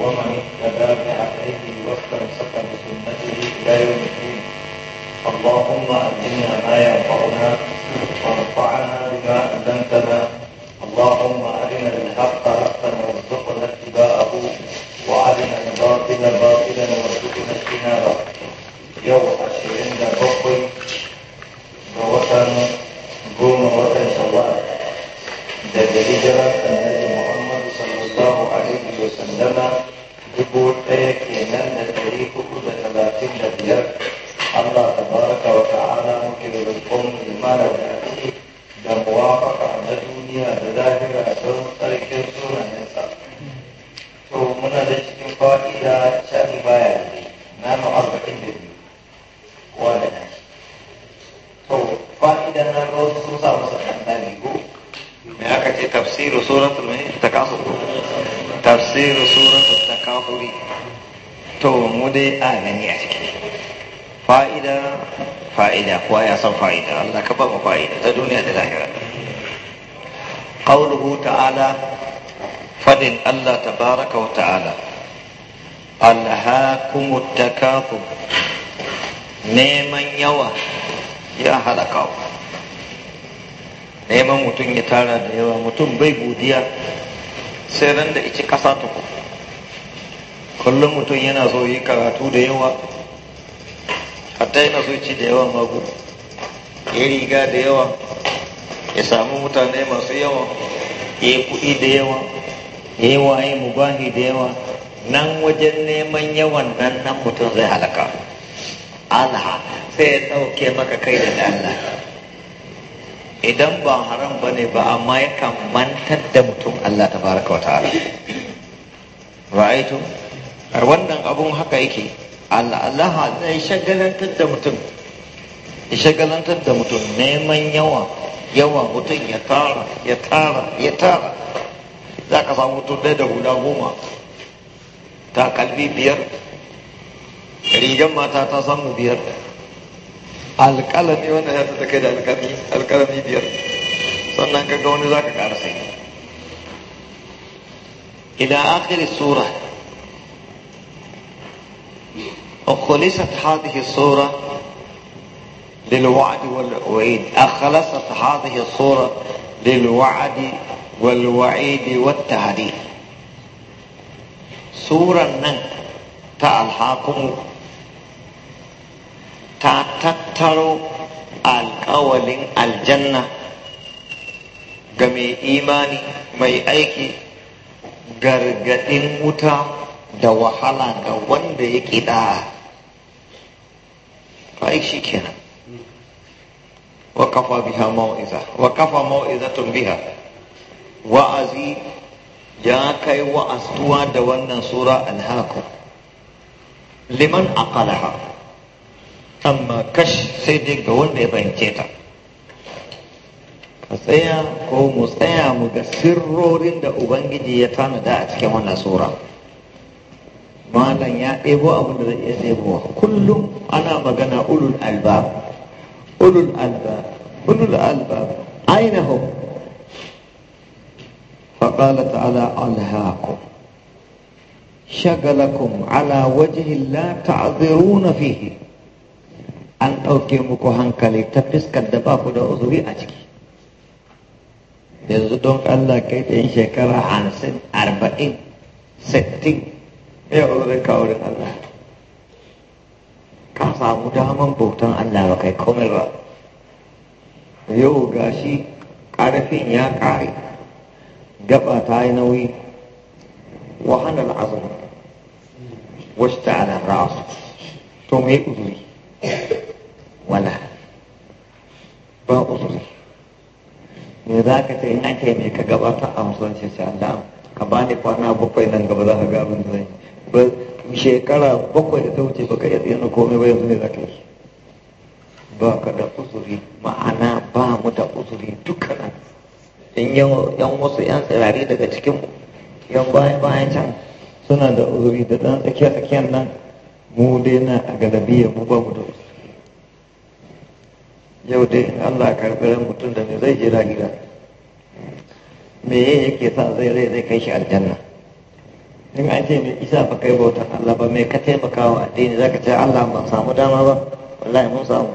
ومن اتبع بعقله واستمسك بسنته الى يوم الدين اللهم علمنا ما ينفعنا وارفعنا بما علمتنا اللهم ارنا الحق حقا وارزقنا اتباعه وارنا الباطل باطلا وارزقنا اجتنابه يوم ashirin da bakwai ga watan goma watan shawar alaihi wasallama dubu ɗaya kenan da ɗari hudu da talatin Allah tabaraka wa ta'ala muke da roƙon limana da ake da muwafaka na duniya da zahira don tsarkin sunayensa. To muna da cikin fa'ida shaɗi baya ne Me tafsir suratu takahuri to mu dai a gani a ciki fa'ida fa'ida kuwa ya san fa'ida Allah ka ba mu fa'ida ta duniya da lahira qawluhu ta'ala fadin Allah tabaraka wa ta'ala alhaakumut takathur neman yawa ya neman mutum ya tara da yawa mutum bai godiya sai ran da ici ƙasa ku. kullum mutum yana so yi karatu da yawa hatta yana so ci da yawa magu ya riga da yawa ya samu mutane masu yawa ya yi kuɗi da yawa ya yi waye mubahi da yawa nan wajen neman yawan nan nan mutum zai halaka Allah sai ya ɗauke maka kai da Allah idan ba haram ba ne ba amma yakan mantar da mutum Allah ta baraka wa ta'ala ra'aitu wannan abun haka yake Allah Allah zai shagalantar da mutum Ya shagalantar da mutum neman yawa yawa mutum ya tara ya tara ya tara za ka samu mutum ɗaya da hula goma kalbi biyar rigar mata ta samu biyar إلى آخر السورة አልቀኒ أخلصت هذه السورة للوعد والوعيد أخلصت هذه السورة للوعد والوعيد والتهديد سورة نن تأل حاكم تأتت taro alƙawalin aljanna ga mai imani mai aiki gargaɗin wuta da wahala ga wanda ya ƙida faik shi kenan Wa wakafa biha ƙafa wakafa tun biha wa'azi ya kai wa'astuwa da wannan sura alhaku liman a ƙalaha. amma kashi sai dai ga wanda ya fahimce ta ka tsaya ko mu tsaya mu ga sirrorin da ubangiji ya tanada a cikin wannan sura malam ya ɗebo abin da zai iya ɗebowa kullum ana magana ulul albab ulul albab ulul albab ainihin فقال alhaku ألهاكم ala wajihin la لا na فيه an ɗauke muku hankali ta fiskar da ba ku da uzuri a ciki yanzu don Allah kai ta yin shekara hamsin arba'in sittin ya uzurin da Allah ka samu daman bautan Allah ba kai komai ba yau gashi ƙarfin ya ƙare gaba ta yi nauyi wahalar azumi wasu ta'alar ra'asu to mai uzuri wala ba uzuri me za ka ce ina an ce mai ka gabata a ce sai Allah ka ba ni kwana bakwai nan gaba za ka ga abin da zai ba shekara bakwai da ta wuce ba ka iya na komai ba yanzu ne za ka yi ba ka da uzuri ma'ana ba mu da uzuri dukkanin in yan wasu yan tsirari daga cikin yan bayan bayan can suna da uzuri da dan tsakiya tsakiyar nan mu dai na a galabiyar mu ba mu da uzuri yau dai Allah karɓi mutum da me zai je lahira me yake sa zai rai zai kai shi aljanna in an ce mai isa ba kai bauta Allah ba mai ka taimaka wa addini ka ce Allah ban samu dama ba wallahi mun samu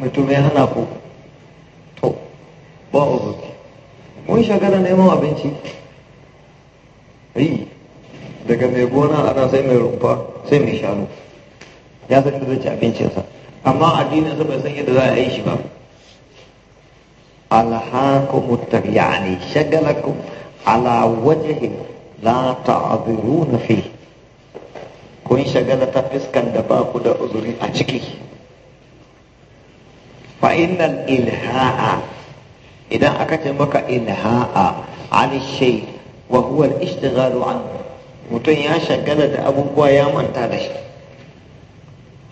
mutum ya hana ku to ba uzuki mun shagara neman abinci yi daga mai gona ana sai mai rumfa sai mai shanu ya san da zai ci abincinsa amma addinin sa bai san yadda za a yi shi ba alhaakum at-tabyani shagalakum ala wajhin la ta'dhuruna fi kun shagala ta fiskan da ba ku da uzuri a ciki fa innal ilha'a idan aka ce maka ilha'a an shay wa huwa al-ishtighalu anhu mutum ya shagala da abubuwa ya manta da shi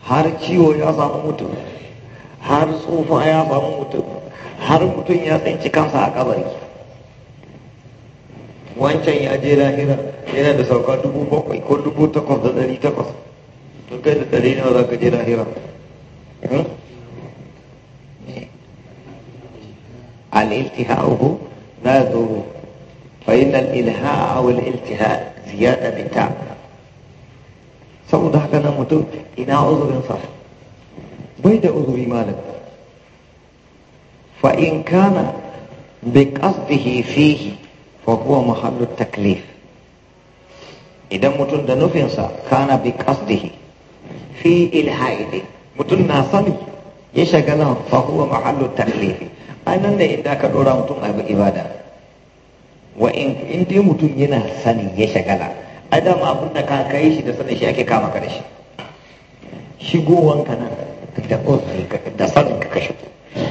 har ciwo ya samu mutum har tsufa ya samu mutum har mutum ya tsinci kansa a kabari wancan ya je lahira yana da sauka dubu bakwai ko dubu takwas da dari takwas to kai da dari ne za ka je lahira الالتهاء لا ilha a wani أو ha زيادة ta. saboda haka nan mutum ina uzurinsa bai da uzuri malam fa in kana bi qasdihi fihi fa huwa mahallu taklif idan mutum da nufinsa kana bi qasdihi fi ilhaidi mutum na sani ya shagala fa huwa mahallu taklif nan ne inda ka dora mutum a ibada wa in dai mutum yana sani ya shagala adam abin da ka kai shi da sanin shi ake kama ka da shi shigowan ka nan da da sanin ka kashe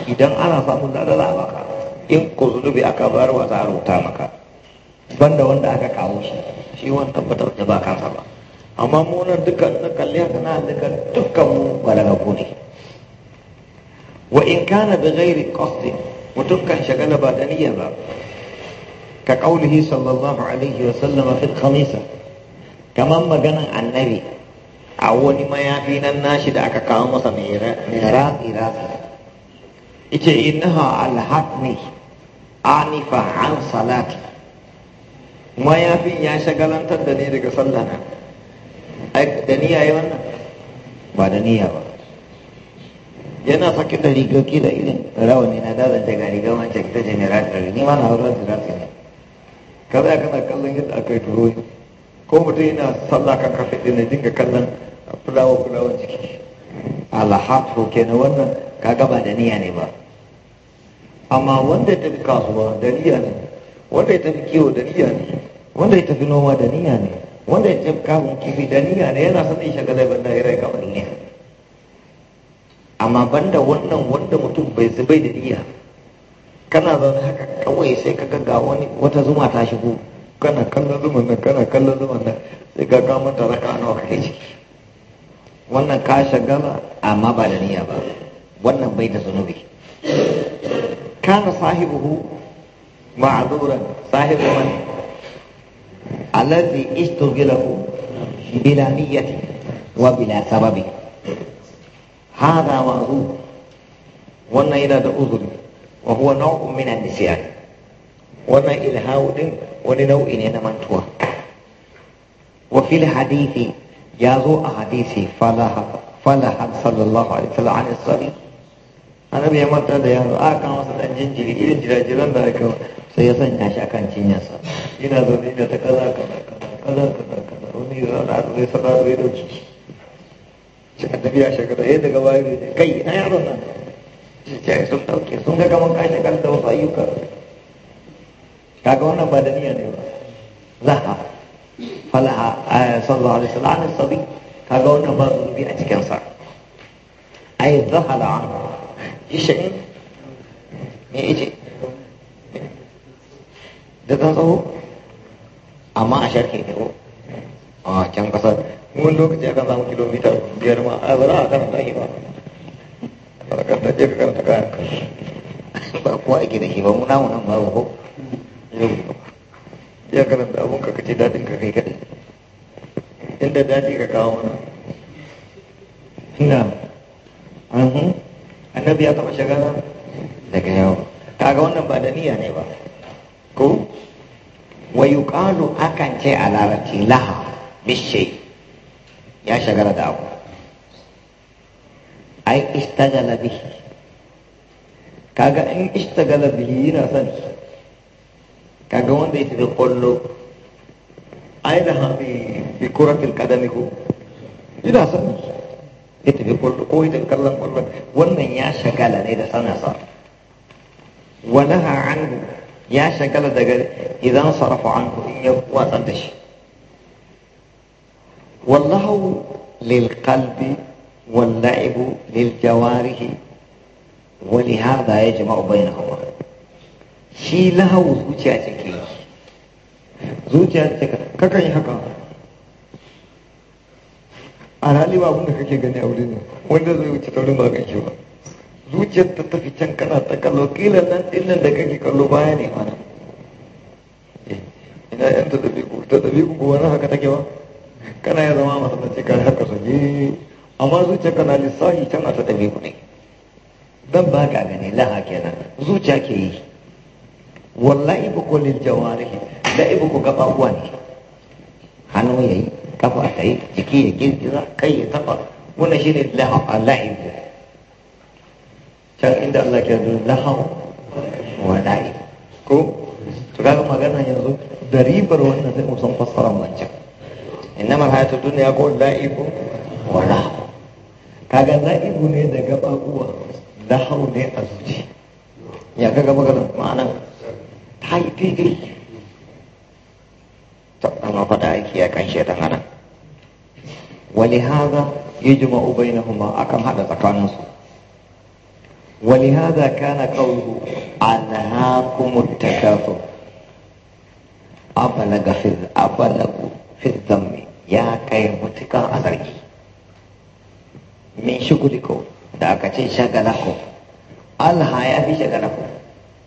idan ana samun da za a baka in ko zunubi aka bar wa za a rubuta maka banda wanda aka kawo shi shi wani tabbatar da ba ka ba amma munar dukkan na kalli haka na dukkan dukkan mu daga ne wa in kana bi ghairi qasdin mutum kan shagala ba da niyya ba ka qaulihi sallallahu alaihi wa sallama fi khamisa kamar maganan annabi a wani mayafi nan nashi da aka kawo masa mai ratsi ratsi ita innaha alhaqni anifa an salati mayafin ya shagalantar da ni daga sallah na da niyya yi wannan ba da niyya ba yana sake da rigoki da irin rawani na dazan daga rigar wancan ta jami'ar mai ni ma na haurar su ratsi ne kaza kana kallon yadda aka yi turo ko mutum yana sallah kan kafa ɗin ya dinga kallon fulawa fulawa jiki alhafo kenan wannan kaga ba da niyya ne ba amma wanda ya tafi kasuwa da niyya ne wanda ya tafi kiwo da niyya ne wanda ya tafi noma da niyya ne wanda ya tafi kamun kifi da niyya ne yana sanin shagalai banda ya rai kamar niyya amma banda wannan wanda mutum bai zubai da niyya kana zaune haka kawai sai ka ga wani wata zuma ta shigo kana kallon zuman nan kana kallon zuman nan sai ka kama ta raka nawa kai ciki wannan ka shagala amma ba da niyya ba wannan bai da zunubi kana sahibuhu ma'azuran sahibu man alladhi istughlahu bila niyyati wa bila sababi hada ma'zur wannan yana da uzuri wa huwa nau'un min an-nisyan wannan ilhawu din wani nau'i ne na mantuwa wa fil hadisi ya zo a hadisi sallallahu alaihi wasallam an sari annabi ya manta da yaro a kan wasu dan jinjiri irin jirajiran da aka sai ya sanya shi akan cinyarsa zo ne da ta kaza kaza kaza kaza annabi ya yadda gaba ya kai yaro nan sun ga ka shagar wasu ayyuka kaga wannan ba da niyya ne ba zaha falaha eh, sallallahu alaihi wasallam an sabi kaga wannan ba zunubi a cikin sa ai zahala an yishin me yace da kan tsaho amma a sharke ne ko a can kasar wani lokaci akan samu kilomita biyar ma a zara a kan tsaye ba a kan tsaye ka kan ta kayan ba kuwa ake da shi ba muna namu nan babu ko ya abun ka kace dadin ka kai kadai inda dadi ka kawo mhm. annabi ya taba daga yau kaga wannan ba da niyya ne ba ko wa yuqalu akan ce a larabci laha ya da abu ai istagala bihi kaga in istagala bihi yana sani kaga wanda ya shiga kwallo ai da hafi fi kuratul kadami ko ina san ya tafi kwallo ko ita kallon kwallo wannan ya shagala ne da sana sa walaha anhu ya shagala daga idan sarafa anhu in ya watsar da shi wallahu lil qalbi wal la'ibu lil ولهذا يجمع بينهما shi lahawu zuciya ce ke zuciya ce kakan yi haka a rali ba abinda kake gani a wurin nan wanda zai wuce taurin ba gan shi ba zuciyar ta tafi can kana ta kallo kila nan dinnan da kake kallo baya ne mana eh, ina yan ta tafi ku ta tafi ku wani haka take ba kana ya zama masallaci kare haka su je amma zuciyar kana lissafi can a ta tafi ku ne dan ba ka gani laha kenan zuciya ke yi wallahi ba ko lil jawarihi da ibu ko gaba uwa ne hannu yayi kafa ta yi jiki ya girgiza kai ya taba wannan shine la'ib can inda Allah ke da la'ib wa la'ib ko to ga magana yanzu da ribar wannan sai musan fassara Inna innama hayatu dunya ko la'ib wa la'ib kaga laibu ne da gaba uwa lahu ne a zuci ya kaga magana ma'anar ta yi daidai amma faɗa aiki ya kan shaitan hana wani haza ya jima ubai na kuma akan haɗa tsakaninsu wani haza kana kawo an hakumar takaso abalagu fi zammi ya kai mutuka a zargi min shuguliko da aka ce shagalako alha ya fi shagalako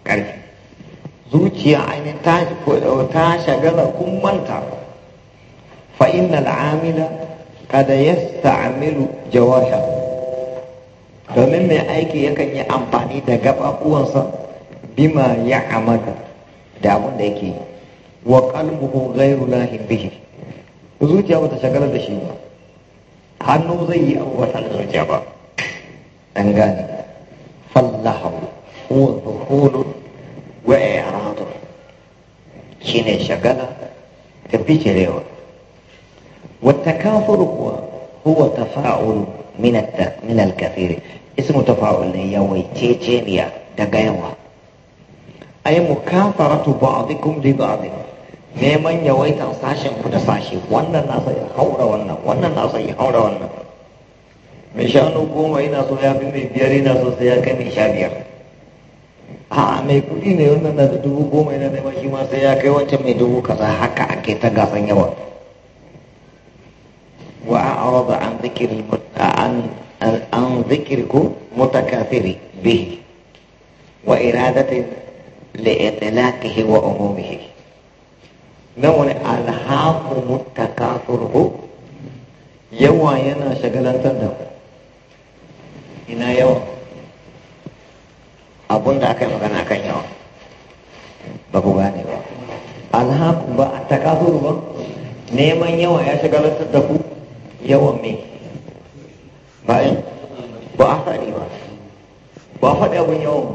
ƙarfi zuciya ainihin ta ta shagala kun manta fa inna al'amila kada ya sa'amilu jawasha domin mai aiki yakan yi amfani da gababuwansa bima ya amata da abin da yake wa qalbuhu gairu lahin bihi zuciya bata shagala da shi ba hannu zai yi abu wata zuciya ba an gane fallahu ko zuhulun وإعراضه شين شغلة كبيتريو والتكاثر هو هو تفاعل من الت... من الكثير اسم تفاعل يوي تيتينيا دقايوا أي مكاثرة بعضكم لبعض neman yawaitan sashen ku da sashe wannan na sai haura wannan wannan na sai haura wannan mai shanu goma ina so ya fi mai biyar ina so sai ya kai mai sha biyar a mai kuɗi ne wannan na da dubu goma yana da shi ma sai ya kai wancan mai dubu kaza haka ake ta gasan yawa wa ba an zikri an an zikriku mutakathiri bihi wa iradati li'itlaqihi wa umumihi nan wani alhaku mutakathirhu yawa yana shagalantar da ina yawa abun da aka yi magana kan yawa ba ku gane ba alhaku ba a takasuru ba neman yawa ya shagalantar da ku yawan me ba ba a sani ba ba a faɗi abun yawan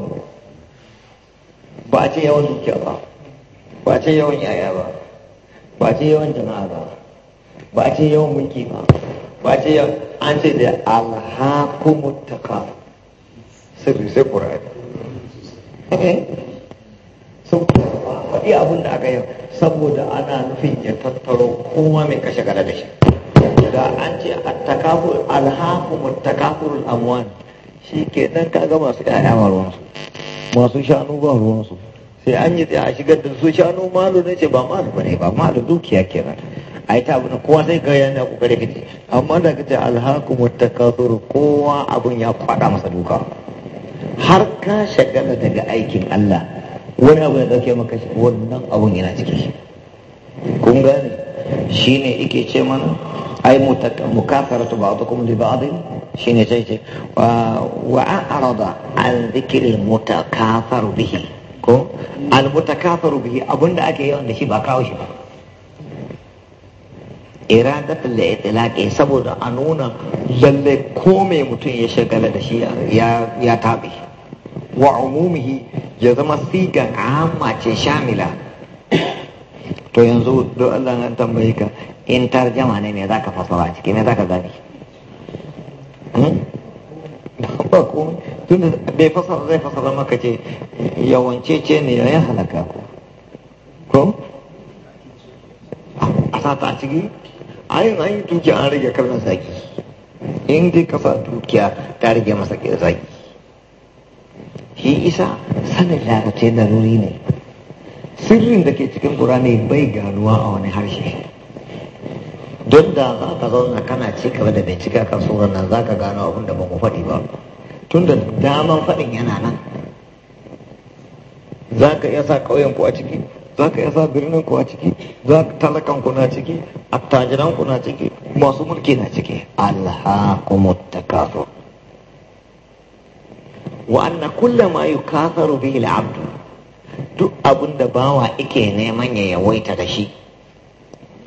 ba a ce yawan dukiya ba ba a ce yawan yaya ba ba a ce yawan jama'a ba ba a ce yawan mulki ba ba a ce yawan an ce da alhakumut mutaka. sirri sai ƙura'ani sun faɗi abin da aka yi saboda ana nufin ya tattaro kowa mai kashe gada da shi da an ce attakafur alhakumul takafurul amwan shi ke nan kaga masu ƴaƴa ba ruwansu masu shanu ba ruwansu sai an yi tsaye a shigar da su shanu malu ne ce ba malu ne, ba malu dukiya kenan a yi tabi kowa sai ga yana kokari fiti. amma da kace alhakumul takafur kowa abun ya faɗa masa duka har ka shagala daga aikin Allah wani abu ya dauke maka wannan abun yana shi kun gane shine ike ce mana ai mukafaratu ba'dukum li ba'd shine zai ce wa a'rada an dhikril mutakafaru bihi ko al mutakafaru bihi abunda ake yawan da shi ba kawo shi ba da itlaqi saboda a nuna lalle ko mai mutum ya shagala da shi ya ya wa umumihi ya zama sigan amma ce shamila to yanzu do Allah na tambaye ka in tarjama ne me zaka fasara a ciki me zaka gani hmm? ba ko tun be fasara zai fasara maka ce yawance ce ne ya halaka ko ko a sa ta a ciki ayin an yi an rage kalmar zaki in dai ka sa dukiya ta rage masa zaki shi isa sanin da ruri ne sirrin da ke cikin ƙurani bai ganuwa a wani harshe don da za ka zauna kana ci gaba da bai cika kan tsoron nan za ka gano abin da ba ku faɗi ba tun da daman faɗin yana nan za ka iya sa ƙauyen ku a ciki za ka iya sa birnin ku a ciki za ka talakan ku na ciki attajiran ku na ciki masu mulki na ciki Allah ha kuma takaso wa anna kulla ma yukafaru bihi al duk abunda bawa yake neman ya yawaita da shi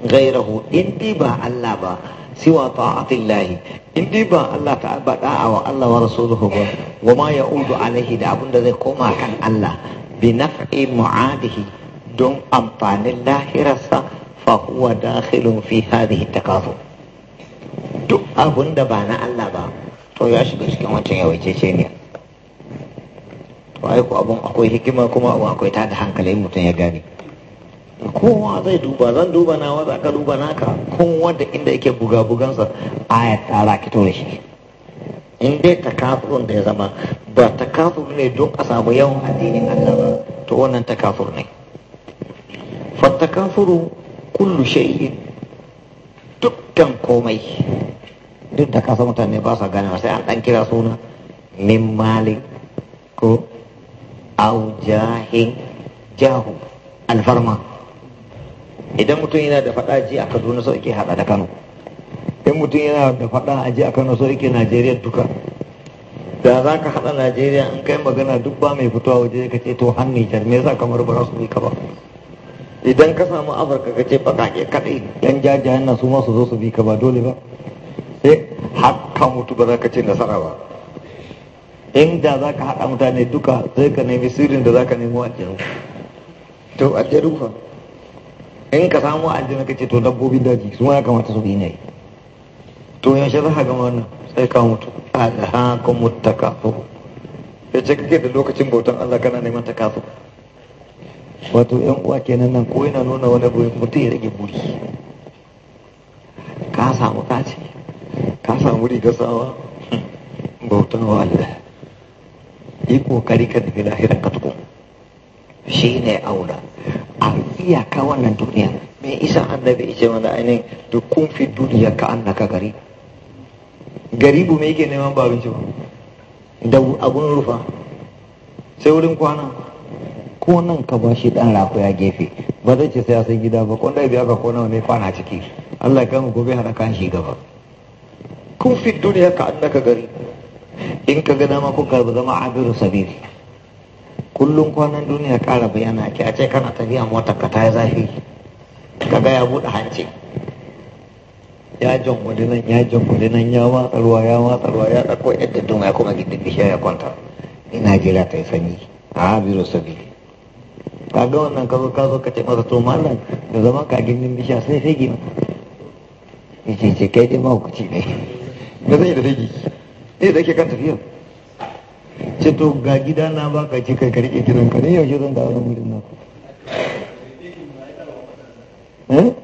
gairahu in bi ba Allah ba siwa ta'atillahi in bi ba Allah ta ba da'a wa Allah wa rasuluhu ba wa ma ya'udu alaihi da abun da zai koma kan Allah bi naf'i mu'adihi don amfanin lahirarsa fa huwa dakhilun fi hadhihi takafu duk abun da ba na Allah ba to ya shiga cikin wancan yawaice ce ne ai ku abun akwai hikima kuma abun akwai ta da hankalin mutum ya gane kowa zai duba zan duba na wanda ka duba naka kowa da inda yake buga bugansa aya tsara ki tore shi in dai takafurun da ya zama ba takafur ne don a samu yawan addinin Allah ba to wannan takafur ne kafuru kullu shay'in dukkan komai duk da kasa mutane ba sa gane sai an dan kira suna min malik ko au jahin jahu alfarma idan mutum yana da faɗa ji a kaduna so yake haɗa da kano Idan mutum yana da faɗa a ji a kano so yake najeriya duka da za ka haɗa najeriya in kai magana duk ba mai fitowa waje ka ce to hannu nijar me za kamar ba su ka ba idan ka samu afirka ka ce ke kaɗai yan jajayen na su su zo su bi ka ba dole ba sai eh, hakan mutu ba za ka ce nasara ba inda za ka haɗa mutane duka zai ka nemi sirrin da za ka nemo a jaru to a jaru fa in ka samu aljina ce to dabbobin daji su ma ya kamata su yi. nai to yaushe za ka gama wannan sai ka mutu A alhakum mutakafur ya ce kake da lokacin bautan Allah kana neman takafu wato yan uwa kenan nan ko yana nuna wani buri mutum ya rage buri ka samu kaci ka samu rigar sawa bautan wa Allah yi kokari ka tafi lahiran ka tukun shi ne aura a iyaka wannan duniya me isa annabi ce mana ainihin da kun fi duniya ka naka gari bu me yake neman babin ci da abun rufa sai wurin kwana ko nan ka ba shi dan rako ya gefe ba zai ce sai ya san gida ba dai biya ka kona ne kwana ciki Allah ya kama gobe hana kan shi gaba kun fi duniya ka annaka gari in ka ga dama kuka zama abiru sabiri kullum kwanan duniya ƙara bayana ki a ce kana tafiya motar ka ta yi zafi ka ga ya buɗe hanci ya jangwale nan ya jangwale nan ya watsa ruwa ya watsa ruwa ya ɗauko yadda duma ya kuma gindin bishiya ya kwanta ina jira ta yi sanyi a abiru sabiri ka ga wannan ka zo ka zo ka ce masa to mallam da zama ka gindin bishiya sai sai gina ya ce ce kai dai ci ne ba zai da fegi eh da ke kan tafiya ce to ga gida na ba ka ce kai karike kiran ka ne yaushe zan dawo wani wurin na eh?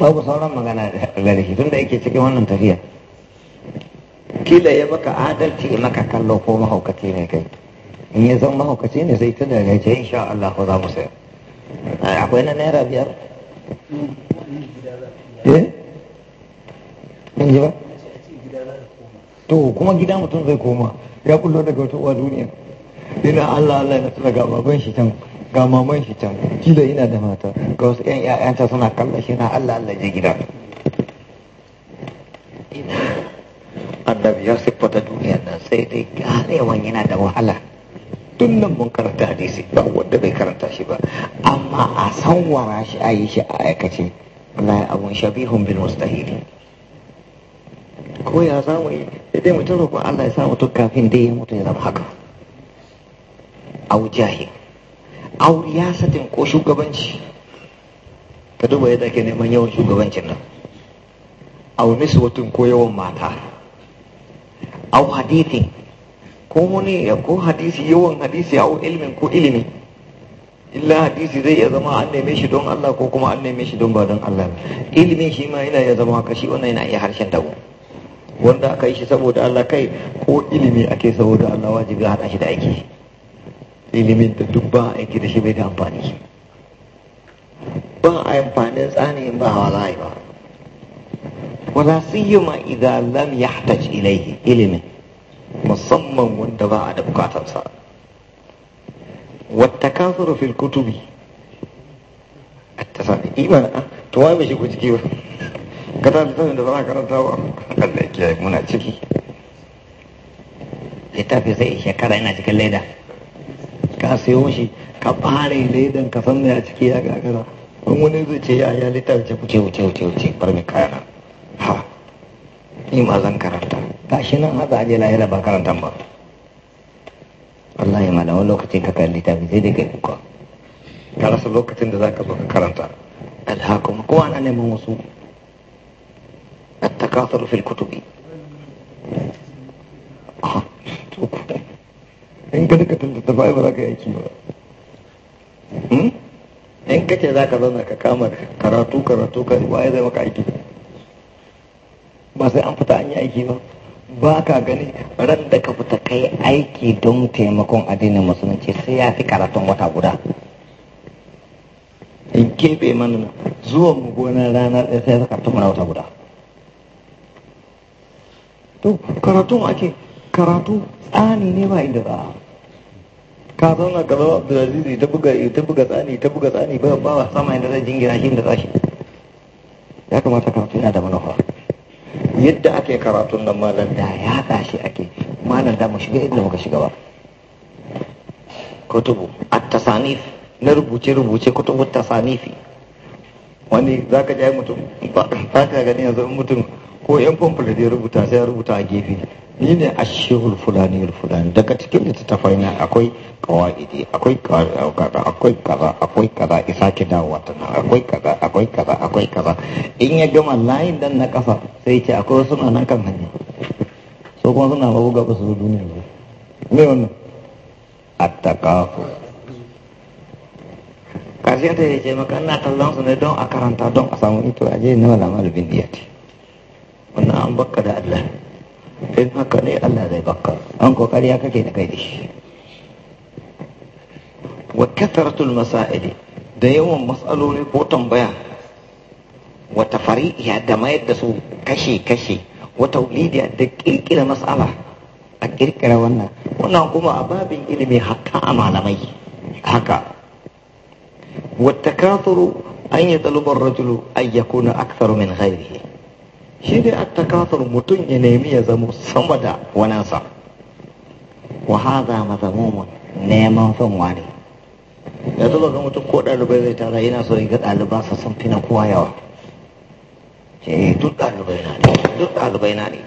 babu sauran magana da shi tun da yake cikin wannan tafiya kila ya baka adalci maka kallo ko mahaukaci ne kai in ya zan mahaukaci ne zai tuna ya ce insha Allah ko za mu sayar akwai na naira biyar eh in ji ba to kuma gida mutum zai koma ya kullo daga wata uwa duniya Ina Allah Allah ya tura ga baban shi can ga maman shi can kila ina da mata ga wasu ƴan ƴaƴanta suna kallon shi na Allah Allah je gida ina annabi ya siffata duniya nan sai dai ganewan yana da wahala tun nan mun karanta hadisi ba wanda bai karanta shi ba amma a sanwara shi a yi shi a aikace la abun shabihun bil mustahili ko ya samu yi sai mutum roƙon Allah ya sa mutum kafin da ya mutu ya zama haka au jahil au satin ko shugabanci ka duba yadda ke neman yawan shugabancin nan au watan ko yawan mata au hadithi ko wani ko hadisi yawan hadisi au ilmin ko ilimi illa hadisi zai iya zama an neme shi don Allah ko kuma an neme shi don ba don Allah ilimin shi ma yana ya zama haka shi wannan yana iya harshen dawo wanda aka yi shi saboda Allah kai ko ilimi ake saboda Allah wajibi haɗa shi da aiki ilimin da duk ba aiki da shi bai da amfani ba a amfanin tsani ba wala ba wala siyama idan lam yahtaj ilayhi ilimin musamman wanda ba a da bukatarsa wata kasuru fil kutubi a tasani imana ah, to wai mai shi ku ciki ba kada littafin da za karanta wa Allah ya kiyaye muna ciki littafi sai shekara yana cikin leda ka siyo shi ka bare ledan ka san ya ciki ya gagara in wani zai ce ya ya littafi ce kuce wuce wuce wuce bar mi kayana ha ni ma zan karanta gashi nan haza aje lahira ba karanta ba wallahi malamin lokacin ka kan littafi sai dai kai kuka ka rasa lokacin da zaka zo ka karanta alhakum kowa na neman wasu التكاثر في الكتب in ka duka tattafai ba za in ka ce za ka zauna ka kama karatu karatu ka waye zai maka aiki ba sai an fita an yi aiki ba ba ka gani ran da ka fita kai aiki don taimakon addinin musulunci sai ya fi karatun wata in keɓe mana zuwan mu gonar rana ɗaya sai ya fi karatun to karatun ake karatu tsani ne ba inda za ka zauna ka zama abdulaziz ta buga ta buga tsani ta buga tsani ba ba sama inda zai jingira shi inda za shi ya kamata karatu yana da manufa yadda ake karatun nan malam da ya tashi ake malam da mu shiga inda muka shiga ba kutubu at-tasanif na rubuce rubuce kutubu tasanifi wani zaka ji mutum ba ka gani yanzu mutum ko yan famfula da ya rubuta sai ya rubuta a gefe ni ne a shehul fulani fulani daga cikin littattafai na akwai kawaidi akwai akwai kaza akwai kaza isa ki dawowa tana akwai kaza akwai kaza akwai kaza in ya gama layin dan na kasa sai ce akwai wasu na nan kan hanya so kuma suna babu ba su duniya ba me wannan attaqafu karshe ta ce maka ina kallon su ne don a karanta don a samu ito aje ne wala malibin diyati wannan an bakka da Allah in haka ne Allah zai bakka an kokari ya kake da kai da shi wa kasaratul masaili da yawan matsaloli ko tambaya wata fari'iya da mayar da su kashe-kashe wata wulidiya da kirkira matsala a kirkira wannan wannan kuma a babin ilimi hatta a malamai haka wata kasuru an yi talubar rajulu ayyakuna aksaru min ghairihi shi dai a takasar mutum ya nemi ya zama sama da wanansa wa haza mu neman son wani Ya zuba ga mutum ko ɗalibai zai tara yana so ya ga sa sun fi na kowa yawa ce eh, duk ɗalibai na ne duk ɗalibai na ne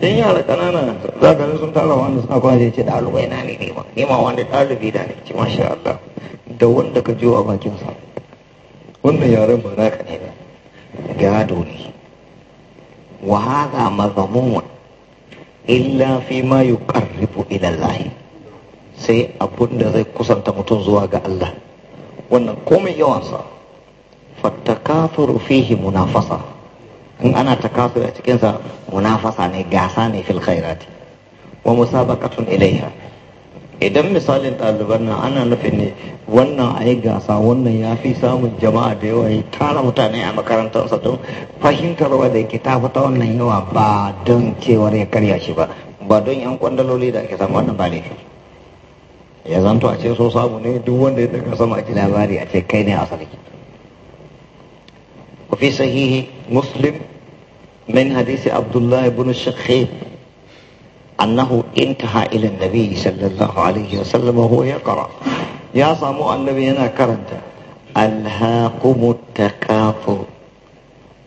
yi yara ƙanana za ka sun tara wanda suna zai ce ɗalibai na ne nema ma wanda ɗalibi da ne ce masha Allah da wanda ka jiwa bakinsa wannan yaren ba ka ne ba gado ne وهذا مضمون إلا فيما يقرب إلى الله sai abun da zai kusanta mutum zuwa ga Allah wannan komai yawansa fattakafuru fihi munafasa in ana takafur a cikinsa munafasa ne gasa ne fil khairati wa musabaqatun ilaiha idan misalin ɗaliban nan ana nufin ne wannan a yi gasa wannan ya fi samun jama'a da yawa ya tara mutane a makarantarsa don fahimtarwa da tafi ta wannan yawa ba don cewar ya karya shi ba ba don yan kwandaloli da ake samu wannan ba ne ya zanto a ce so samu ne duk wanda ya daga sama a labari a ce kai ne a sarki Ku fi sahihi Muslim حديث hadisi Abdullahi بن أنه انتهى إلى النبي صلى الله عليه وسلم وهو يقرأ يا صامو النبي أنا كرد ألهاكم التكاثر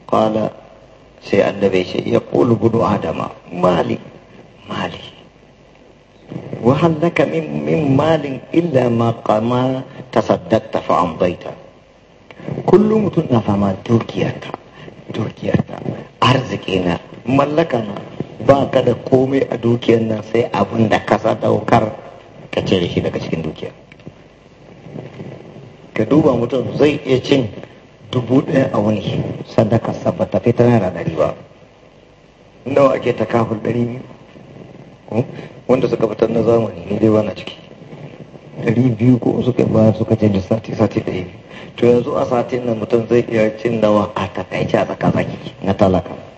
قال سي النبي شيء يقول ابن آدم مالي مالي وهل لك من, من مال إلا ما قما تصدقت فأمضيت كل متنا فما دوكيتا دوكيتا أرزقنا ملكنا ba ka da komai a dukiyar nan sai abin da kasa daukar ka cire shi daga cikin dukiya ka duba mutum zai iya cin dubu ɗaya a wani sadaka sabba ta fita naira ɗari ba nawa ake ta kafin ɗari biyu wanda suka fitar na zamani ne dai bana ciki ɗari biyu ko suka ba suka ce da sati sati ɗaya to yanzu a satin nan mutum zai iya cin nawa a takaice a tsaka tsaki na talaka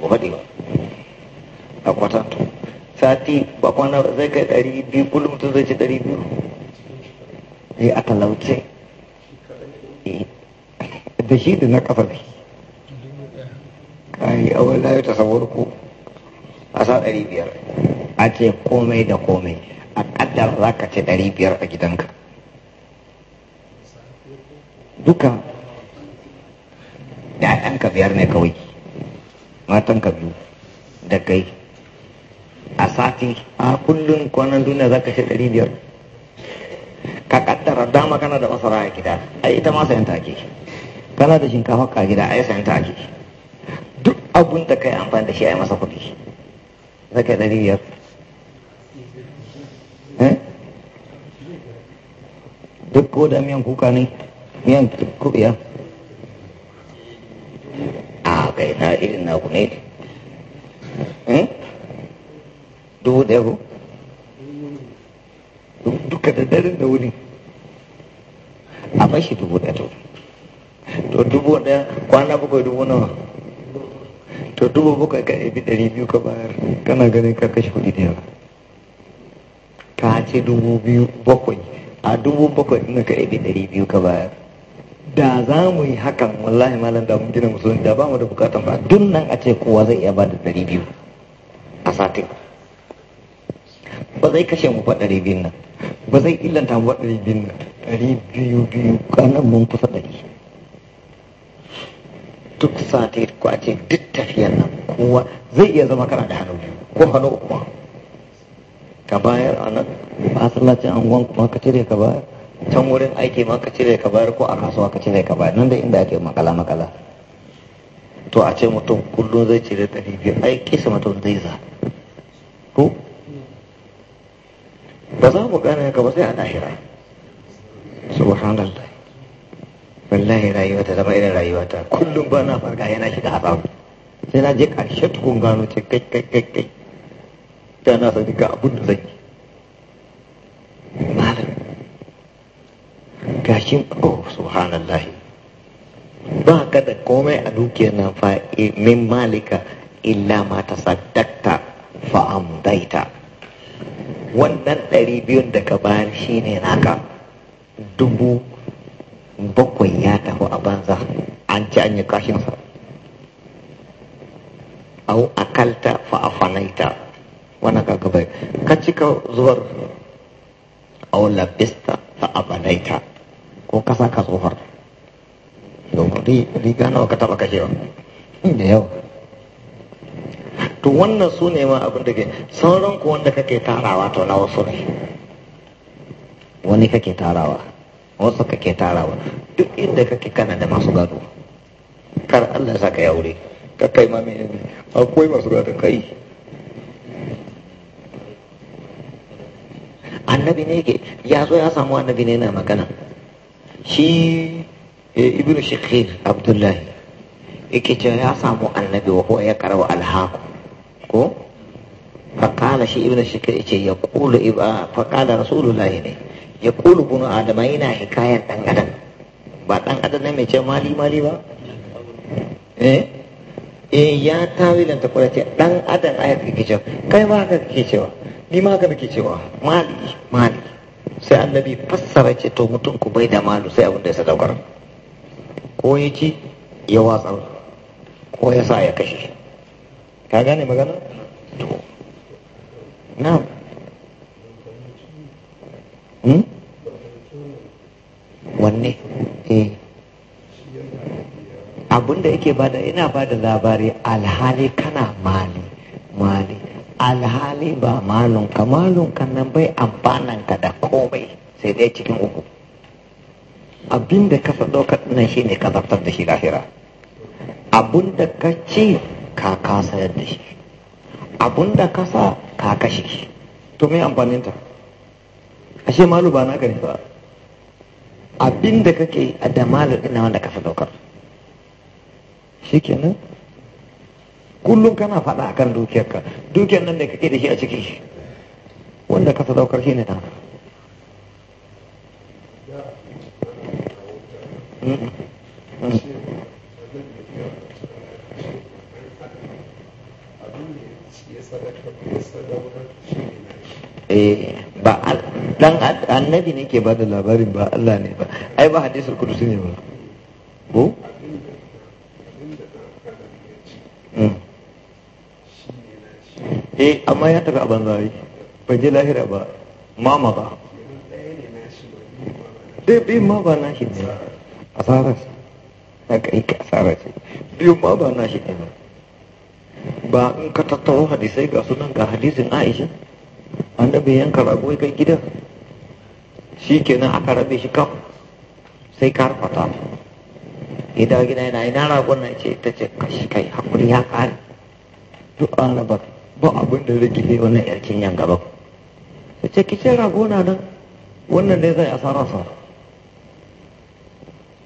ba ba a kwatanto sati ba kwana zai kai ɗari biyu kullum mutum zai ci ɗari biyu sai a talauce eh, da shi da na kafa ne a wani layu ta sabuwar ku a sa ɗari biyar a ce komai da komai a ƙaddar za ka ce ɗari biyar a gidanka duka da ɗanka biyar ne kawai matan ka biyu da kai a sati a kullum kwanan duniya za ka shi ɗari biyar ka kaddara dama kana da masara a gida a ita ma sayan ake kana da shinkafa ka gida a yi sayan ake duk abun da kai amfani da shi a yi masa kuɗi za ka yi ɗari biyar eh? duk ko da miyan kuka ne miyan kuɓiya a kai na irin na ne hmm? dubu ɗaya ko duka da darin da wuni a mashi dubu ɗaya to to dubu ɗaya kwana bakwai dubu nawa to dubu bakwai ka ebi dari biyu ka bayar kana ganin ka kashe kudi da yawa ka ce dubu biyu bakwai a dubu bakwai ina ka ebi dari biyu ka bayar da za mu yi hakan wallahi malam da mun gina musulunci da ba mu da bukatan ba duk nan a ce kowa zai iya ba da ɗari biyu a satin ba zai kashe mu ba ɗari biyu nan ba zai illanta mu ɗari biyu nan ɗari biyu biyu kanan mun kusa ɗari duk sati ko a ce duk tafiyar nan kowa zai iya zama kana da hannu biyu ko hannu uku ka bayar a nan masallacin anguwan kuma ka cire ka bayar can wurin aiki ma ka cire ka bayar ko a kasuwa ka cire ka bayar nan da inda ake makala makala to a ce mutum kullum zai cire ɗari biyu ai kisa mutum zai za ko ba za mu gane ka ba sai a lahira subhanallah wallahi rayuwa ta zama irin rayuwa ta kullum ba na farga yana shiga hatsam sai na je karshe tukun gano ce kai kai kai kai ta na sani ga abin da zai malam gashin oh subhanallah ba ka da komai a dukiyar nan fa eh, min malika illa ma ta saddakta fa amdaita wannan ɗari biyun da ka bayar shi ne naka dubu bakwai ya tafi a banza an ci an yi kashinsa au akalta fa afanaita wannan ka gaba ka cika zuwar au labista fa abanaita ko kasa ka tsohar riga nawa ka taba kashewa da yau to wannan su ne ma abin da ke sauran ku wanda kake tarawa to na wasu ne wani kake tarawa wasu kake tarawa duk inda kake kana da masu gado kar Allah sa ka yaure ka kai ma mai akwai masu gado kai annabi ne ke ya zo ya samu annabi ne na magana shi eh, ibn shakir abdullahi yake cewa ya samu annabi wa huwa ya karawa alhaku ko faƙala shi ibn shakir ya ce ya ƙulu rasulullahi ne ya ƙulu bunu adama yana hikayar dan adam ba dan adam ne mai ce mali mali ba eh, eh ya tawilan ta kula ce dan adam ayat kake cewa kai ma haka kake cewa ni ma haka kake cewa mali mali sai annabi fassara ce to mutum ku bai da malu sai abin da ya sadaukar ko ya ci ya watsar ko ya sa ya kashe ka gane magana to na hmm? wanne eh abin da yake bada ina bada labari alhali kana mali mali alhali ba malunka malunka nan bai amfananka da komai sai dai cikin uku abin da ka faɗo ka nan shi ne ka zartar da shi lahira abin da ka ce ka kasa yadda shi abin da ka sa ka kashe shi to mai amfaninta ashe malu ba na gani ba abin da kake da malu ina wanda ka fi ɗaukar shi kenan kullum kana faɗa akan dukiyarka dukiyar nan da kake da shi a ciki wanda ka sadaukar shi ne ta eh, ba dan annabi ne ke ba da labarin ba Allah ne ba ai ba hadisul kudusi ne ba ko Mm. eh amma ya tafi a banza yi bai je lahira ba mama ba dai biyun ma ba shi ne asara ce na kai ka asara ce biyun ma ba shi ne ba ba in ka tattaro hadisai ga sunan ga hadisin aisha annabi yanka rago ya kai gidan shi kenan aka rabe shi kaf sai ka rafata ya gida yana ina ragon na ce ta ce kashi kai hakuri ya kare duk an raba ba abin da zai kife wannan yarkin yan gaba ya ce kike ragona nan wannan ne zai asara sa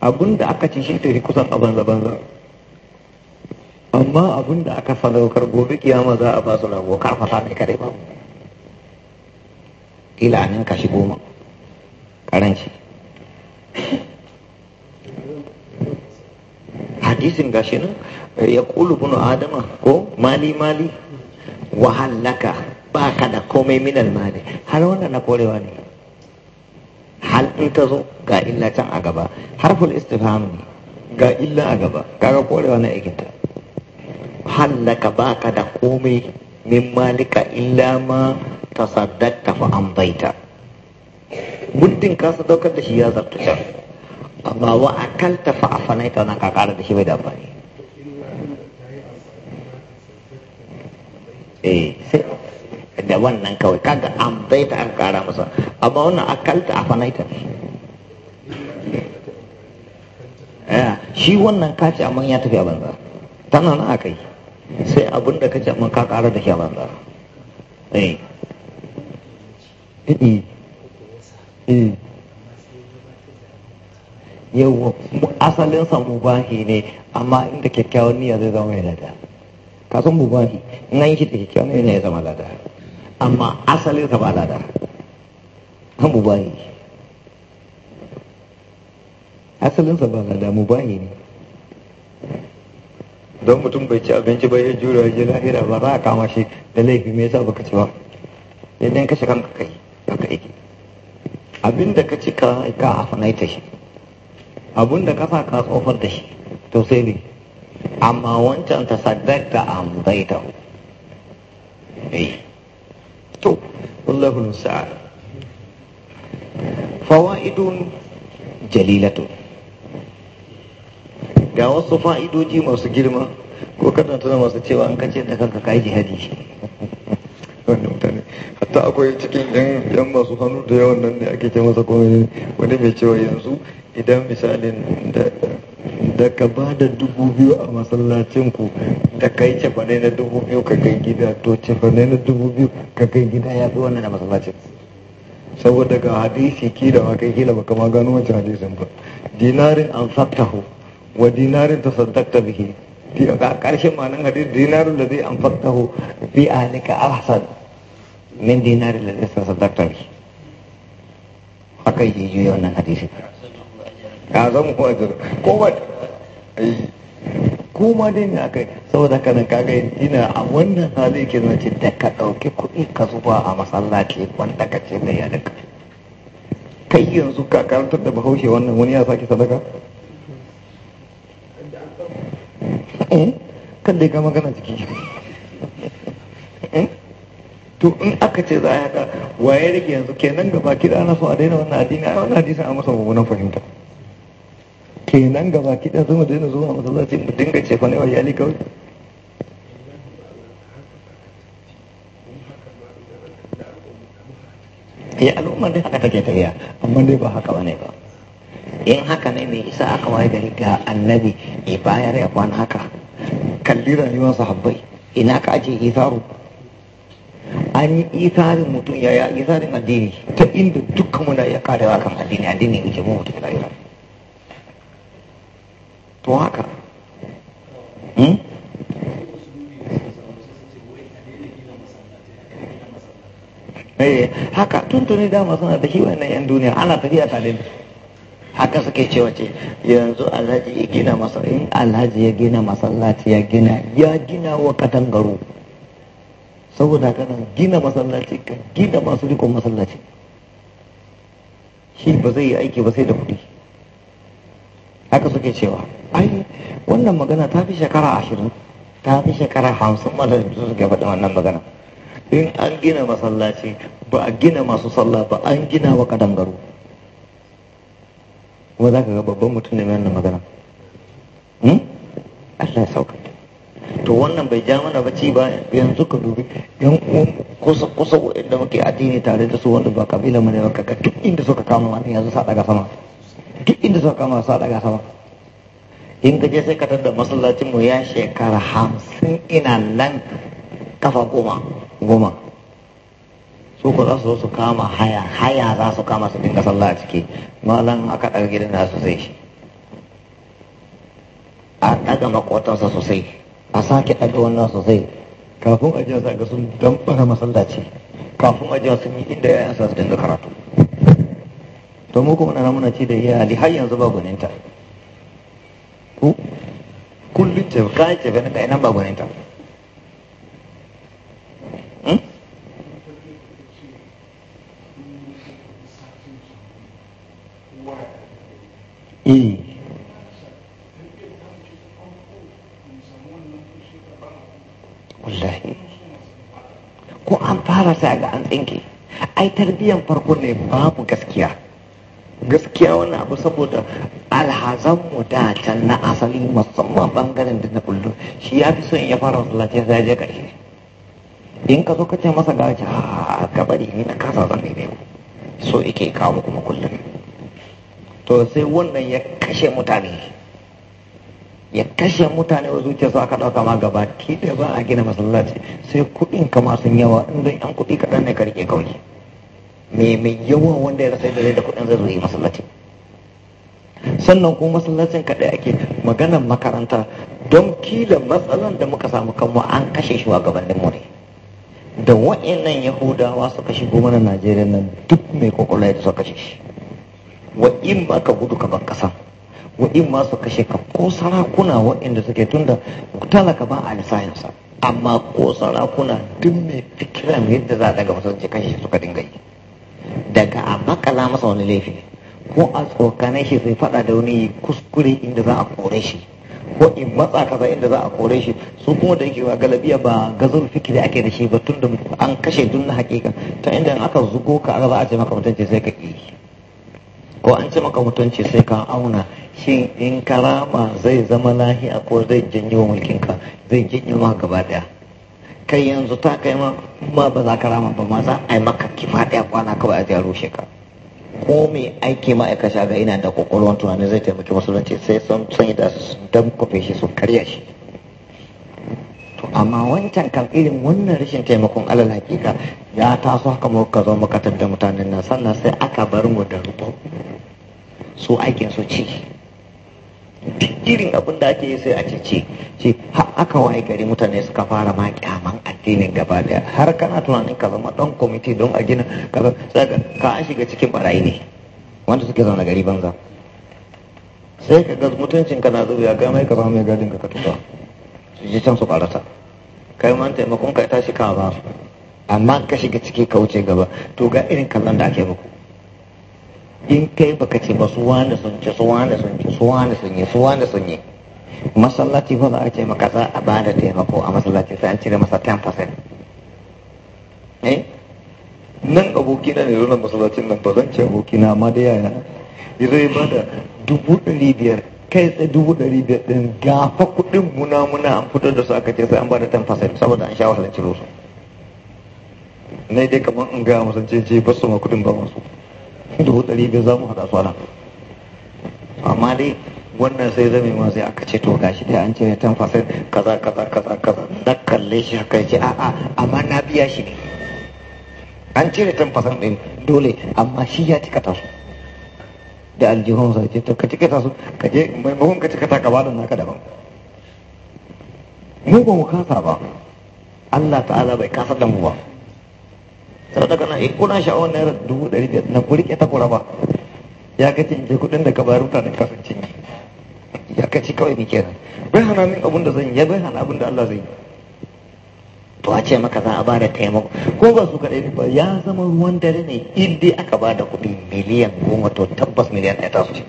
abin da aka ci shi ta kusan a banza banza amma abin da aka sadaukar gobe kiyama za a ba su rago fasa mai kare ba kila nan kashi goma karanci hadisin gashi nan ya kulu bunu adama ko mali mali wahallaka baka da komai minal mali har wannan na korewa ne hal in ta zo ga illa can a gaba harful istifham ga illa a gaba kaga korewa na aikinta hallaka baka da komai min malika illa ma tasaddaqta fa amdaita muddin ka sadaukar da shi ya can amma wa akalta fa afanaita wannan ka kara da shi bai da amfani eh da wannan kawai kaga an ta an kara masa amma wannan akalta a fanaita eh, shi wannan kaci amma ya tafi a banza tana nan a kai sai abin da kaci amma ka kara da shi a banza eh eh, eh. yawwa asalinsa mubahi ne amma inda kyakkyawan niyya zai zama mai lada ka san mubahi in an yi shi da kyakkyawan yana ya zama lada amma asalin ka ba lada an mubahi asalin sa ba lada mubahi ne don mutum bai ci abinci ba ya jura ya lahira ba za a kama shi da laifi me yasa baka ci ba idan kashe kanka kai kanka yake abinda ka ci ka ka afanaita shi da ka sa ka tsofar da shi to sai ne amma wancan ta amdaytahu eh to wallahu musta'an fawaidun ga wasu fa'idoji masu girma ko kana tuna masu cewa an kace da kanka kai jihadi wannan mutane hatta akwai cikin yan yan masu hannu da yawan nan ne ake ce masa komai wani mai cewa yanzu idan misalin da da ka ba da dubu biyu a masallacin ku da ka yi cefane na dubu biyu ka kai gida to cefane na dubu biyu ka kai gida ya fi wannan a masallacin saboda ga hadisi ki da wakai kila baka ma gano wacce hadisin ba dinarin an fattahu wa dinarin ta saddakta bihi ga ƙarshen manan hadisi dinarin da zai an fattahu fi ka ahsan min dinarin da zai saddakta bihi haka yi yi wannan hadisi ka zama ko ajiyar Eh, kuma dai ne akai saboda kana kaga ina a wannan hali ke zama ce da ka ɗauki kuɗi ka zuba a masallaci wanda ka ce mai yadda kai yanzu ka karantar da bahaushe wannan wani ya sake sadaka eh, kan dai ka magana ciki eh, to in aka ce za a haka waye rage yanzu kenan gaba kira na so a daina wannan addini a wannan hadisan a masa mummunan fahimta kenan gaba ki da zama daina zuwa masallaci mu dinga ce fa ne wa yali kawai ya al'umma dai haka take tafiya amma dai ba haka bane ba in haka ne mai isa aka waye gari ga annabi ya bayar ya kwana haka kalli rayuwar sahabbai ina ka aje isaru an yi isarin mutum ya yi isarin addini ta inda dukkan muna ya karewa kan addini addini ya ce mu mutum ya to haka eh haka tuni dama suna da shi wannan yan duniya ana tafiya tare da haka suke cewa ce yanzu alhaji ya gina masallaci alhaji ya gina masallaci ya gina ya gina wa katangaro saboda kana gina masallaci ka gina masu rikon masallaci shi ba zai yi aiki ba sai da kuɗi haka suke cewa ai wannan magana ta fi shekara ashirin ta fi shekara hamsin da su suke faɗin wannan magana in an gina masallaci ba a gina masu sallah ba an gina wa kadangaru kuma za ka ga babban mutum ne mai wannan magana hmm? Allah ya sauka to wannan bai ja mana ci ba yanzu ka dubi yan kusa kusa da muke addini tare da su wanda ba kabila mu ne ba kaga duk inda suka kama wani yanzu sa daga sama duk inda suka kama sa daga sama in ka je sai ka tada masallacin mu ya shekara hamsin ina nan kafa goma goma su ku za su su kama haya haya za su kama su dinga sallah a ciki malam aka ɗaga gidan na sosai a ɗaga makotansa sosai a sake ɗaga wannan sosai kafin a jiya ga sun damfara masallaci kafin a jiya sun yi inda ya yasa su dinga karatu to mu kuma na muna ci da iyali har yanzu ba ninta. Kulli ce kai ce ganin kai nan ba gwaninta Eh. Wallahi. Ko an fara sa ga an tsinke. Ai tarbiyan farko ne babu gaskiya. Gaskiya wannan abu saboda alhazan mu da can na asali musamman bangaren da na kullum shi ya fi son ya fara masallaci sai je karshe in ka zo ka ce masa gaci a gabari ne na kasa zan ne so yake kawo kuma kullum to sai wannan ya kashe mutane ya kashe mutane wa zuciya su aka ɗauka ma gaba da ba a gina masallaci sai kuɗin ka sun yawa inda yan kuɗi kaɗan ne ka rike kawai mai mai yawa wanda ya rasa da zai da kuɗin zai zo yi masallaci sannan kuma masallacin kaɗai ake maganar makaranta don kila matsalan da muka samu kanmu an kashe shi wa gabanin mu ne da wa'annan yahudawa suka goma mana najeriya nan duk mai kwakwalwa da suka kashe shi wa'in ba ka gudu ka ban kasan wa'in ma su kashe ka ko sarakuna da suke tunda talaka ba a sa. amma ko sarakuna duk mai fikiran yadda za a daga musulunci kashe suka dinga yi daga a makala masa wani laifi ne. ko a tsokane shi zai faɗa da wani kuskure inda za a kore shi ko in matsa kaza inda za a kore shi su kuma da yake ba galabiya ba gazar fikiri ake da shi ba tun da an kashe tun na hakika ta inda aka zugo ka aka za a ce maka mutunci sai ka ƙi ko an ce maka mutunci sai ka auna shi in karama zai zama a ko zai janyo ka zai janyo ma gaba daya kai yanzu ta kai ma ba za ka rama ba ma za a yi maka kifa kwana kawai a rushe ka ko mai aiki ma'aikata ga ina da kwakwalwar tunanin zai taimaki zance sai sun sanya da su dan kufe shi su karya shi to amma wancan kan irin wannan rashin taimakon alal hakika ya taso haka ka zama muka da mutanen nan sannan sai aka bar mu da rubo su aikin su ci duk irin abin da ake yi sai a cece ce aka waye gari mutane suka fara ma kyaman addinin gaba daya har kana tunanin ka zama dan kwamiti don a gina kaza ka an shiga cikin barayi ne wanda suke zaune gari banza sai ka ga mutuncin ka na zuwa ga mai ka mai gadin ka ka tuka su je can su karata kai man taimakon ka tashi ka ba amma ka shiga ciki ka wuce gaba to ga irin kallon da ake muku in kai baka ce ba su da sun ci su da sun ci su da sun yi suwa da sun yi masallaci ba za a ce maka za a bada taimako a masallaci sai an cire masa 10% eh nan abokina ne nuna masallacin nan ba zan ce abokina amma da yaya zai bada dubu ɗari biyar kai tsaye dubu ɗari biyar ɗin gafa kuɗin muna muna an fitar da su aka ce sai an bada 10% saboda an sha wahalar ciro su ne dai kamar in ga musulunci ce ba su ma kuɗin ba masu da ɗari biyu za mu haɗa su nan amma dai wannan sai zame ma sai aka ce to gashi dai an ce ya tanfasa kaza kaza kaza kaza na kalle shi haka ce a amma na biya shi ne an cire tanfasan din dole amma shi ya tikata su da aljihun sa ce to ka tikata su ka je mai maimakon ka tikata ka bada naka daban mu ba mu kasa ba Allah ta'ala bai kasa da mu ba sau daga in kuna sha'awar naira dubu ɗari biyar na kurike ta kura ba ya in ce kuɗin da ka bayar mutanen kasance. cinye ya ka kawai ni kenan bai hana min abin da zan yi ya bai hana abin da Allah zai yi to a ce maka za a bada taimako ko ba su kaɗai ba ya zama ruwan dare ne in dai aka da kuɗi miliyan goma to tabbas miliyan ɗaya ta su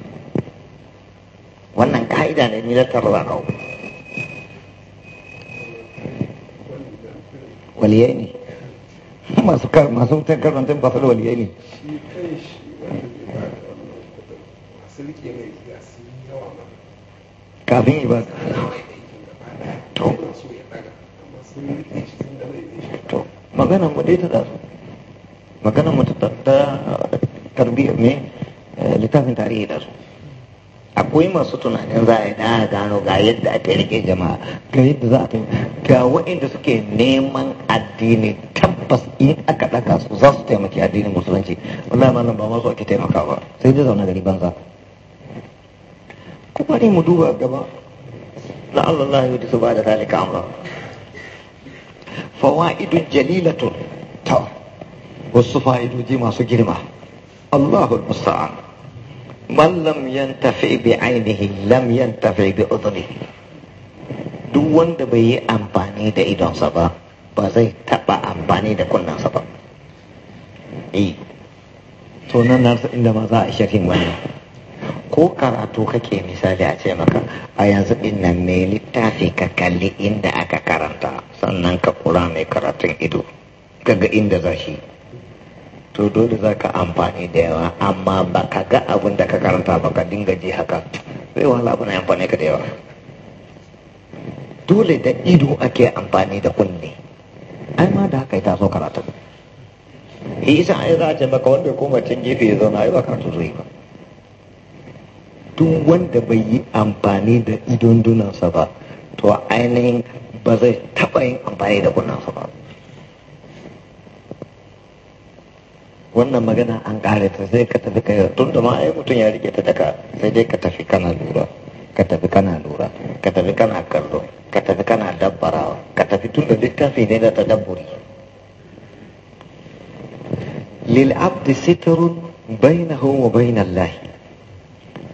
wannan ka'ida ne ni lantar ba kawo waliyai eh ne masu masu wutar karbantar ba su da waliyai ne kafin yi ba to to maganan mu dai ta da su maganan mu ta tarbiyyar ne eh, littafin tarihi da su akwai masu tunanin za a na gano ga yadda aka rike jama'a ga yadda za a ta ga waɗanda suke neman addini tabbas in aka ɗaga su za su taimaki addinin musulunci wallahi malam ba ma su ake taimaka ba sai dai zaune gari banza kuma ne mu duba gaba la Allah ya yi su ba da talika amra fawaidun jalilatun ta wasu fa'idoji masu girma Allahu musta'an man lam yantafi bi ainihi lam yantafi bi udhnihi duk wanda bai yi amfani da idonsa ba ba zai taba amfani da sa ba eh to nan na inda ma za a shakin wannan ko karatu kake misali a ce maka a yanzu din nan ne littafi ka kalli inda aka karanta sannan ka kura mai karatun ido kaga inda za shi to dole za ka amfani da yawa amma ba ka ga abin da ka karanta ba ka dinga ji haka zai wahala abin amfani ka da yawa dole da ido ake amfani da kunne ai ma da haka ya so karatu yi isa ai za a ce maka wanda ko can gefe ya zauna ai ba karatu zai ba duk wanda bai yi amfani da idon dunansa ba to ainihin ba zai taɓa yin amfani da kunnansa ba wannan magana an kare ta sai ka tafi kai tun da ma ai mutum ya rike ta daga sai dai ka tafi kana lura ka tafi kana lura ka tafi kana kallo ka tafi kana dabbarawa ka tafi tun da littafi ne da tadabburi lil abdi sitrun bainahu wa bainal lahi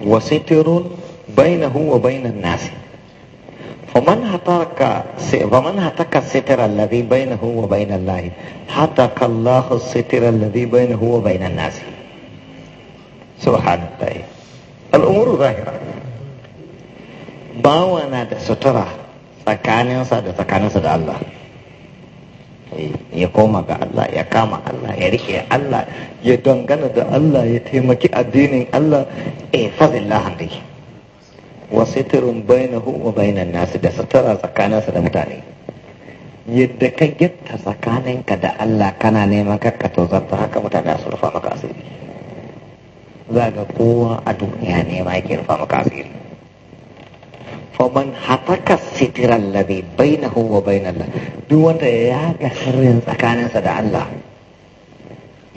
wa sitrun bainahu wa bainan nasi ومن هتاك ومن هتاك الستر na بينه وبين الله هتاك الله الستر الذي بينه وبين الناس سبحان الله الأمور ظاهرة باوانا دا سترة tsakanin sa da sutura sa da Allah ya koma ga Allah ya kama Allah ya rike Allah ya dangana da Allah ya taimaki addinin Allah eh fadillah dai wa na bainahu wa bainan nasu da sutura tsakaninsa da mutane yadda ka gitta tsakaninka da Allah kana neman kakka zarta haka mutane su rufa maka asiri za ga kowa a duniya ne ma yake rufa maka asiri faman hataka sitiran na bainahu wa bainan Allah duk wanda ya yaga sirrin tsakaninsa da Allah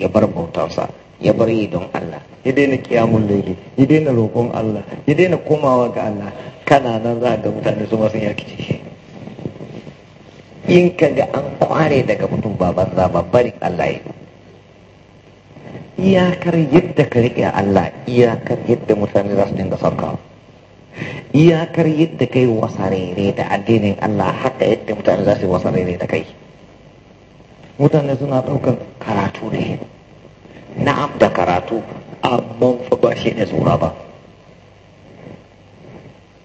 ya bar bautarsa ya bar yi don Allah ya daina kiyamun laili ya daina roƙon Allah ya daina komawa ga Allah kana nan za ga mutane su masu yarkice shi in ka ga an kware daga mutum ba banza ba barin Allah ya iyakar yadda ka riƙe Allah iyakar yadda mutane za su dinga sauka iyakar yadda kai wasarere da addinin Allah haka yadda mutane za su yi wasarere da kai mutane suna ɗaukar karatu ne na'am da karatu amma fa ba shi ne tsura ba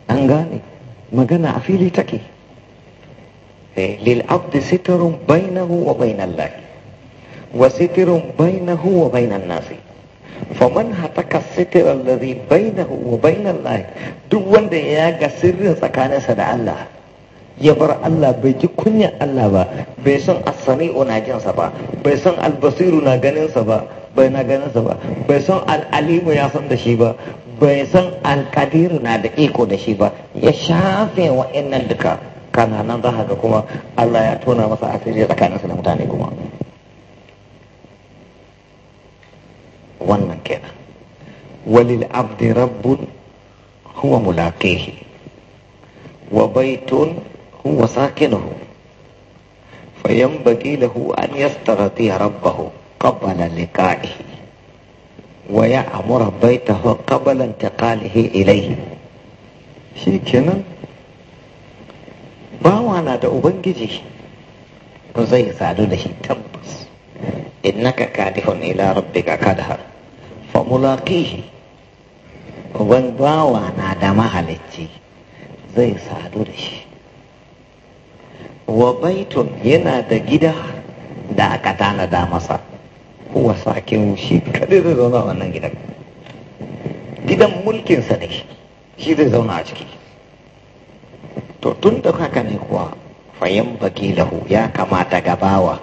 an gane magana a fili take eh, lil abdi sitrun bainahu wa bainal lahi wa sitrun bainahu wa bainan nasi faman hataka sitr alladhi bainahu wa bainal lahi duk wanda ya ga sirrin tsakaninsa da Allah ya bar Allah bai ji kunya Allah ba bai san as-sami'u na jinsa ba bai san al-basiru na ganinsa ba bai na ganinsa ba bai san al'alimu ya san da shi ba bai san alkadiru na da iko da shi ba ya shafe wa'annan duka kana nan za ga kuma Allah ya tona masa asiri tsakaninsa da mutane kuma wannan kenan walil abdi rabbun huwa mulaqihi wa baitun huwa sakinuhu fayanbaghi lahu an yastarati rabbahu قبل لقائه ويعمر بيته قبل انتقاله إليه shi kenan bawa na da ubangiji ba zai sadu da shi tabbas innaka kadihun ila rabbika kadhar fa mulaqihi uban bawa na da mahalicci zai sadu da shi wa yana da gida da aka tanada masa huwa sakin shi kadai zai zauna a wannan gidan gidan mulkinsa ne shi zai zauna a ciki to tun da haka ne kuwa fayan baki lahu ya kamata gabawa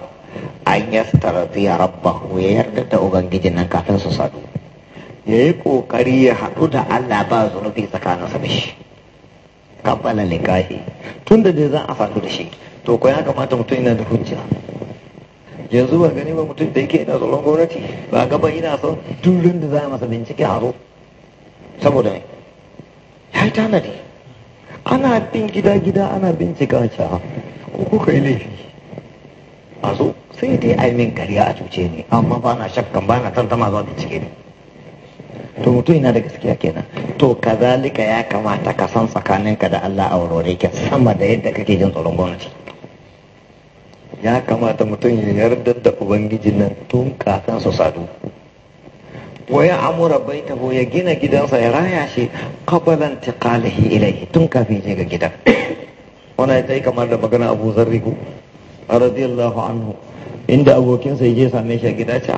an yastarziya rabbahu ya yarda da ubangijin nan kafin su sadu ya yi ƙoƙari ya haɗu da Allah ba zunubi tsakaninsa da shi kabbala liƙahi tun da dai za a sadu da shi to ko ya kamata mutum yana da hujja yanzu ba gani ba mutum da yake da tsoron gwamnati ba gaba ina son durin da za a masa bincike a zo saboda mai ya yi tanadi ana bin gida-gida ana bincika ca ah, ko kuka yi laifi a zo sai dai a yi min kariya a cuce ne amma ba na shakkan ba na tantama zuwa bincike ne to mutum yana da gaskiya kenan to kazalika ya kamata ka san tsakaninka da Allah a ke sama da yadda kake jin tsoron gwamnati ya kamata mutum ya yarda da ubangiji nan tun kafin su sadu wa ya amura baitahu ya gina gidansa ya raya shi ta intiqalihi ilayhi tun kafin ya ga gidan wannan sai kamar da magana Abu Zarri ko radiyallahu anhu inda abokinsa ya je same shi a gida ce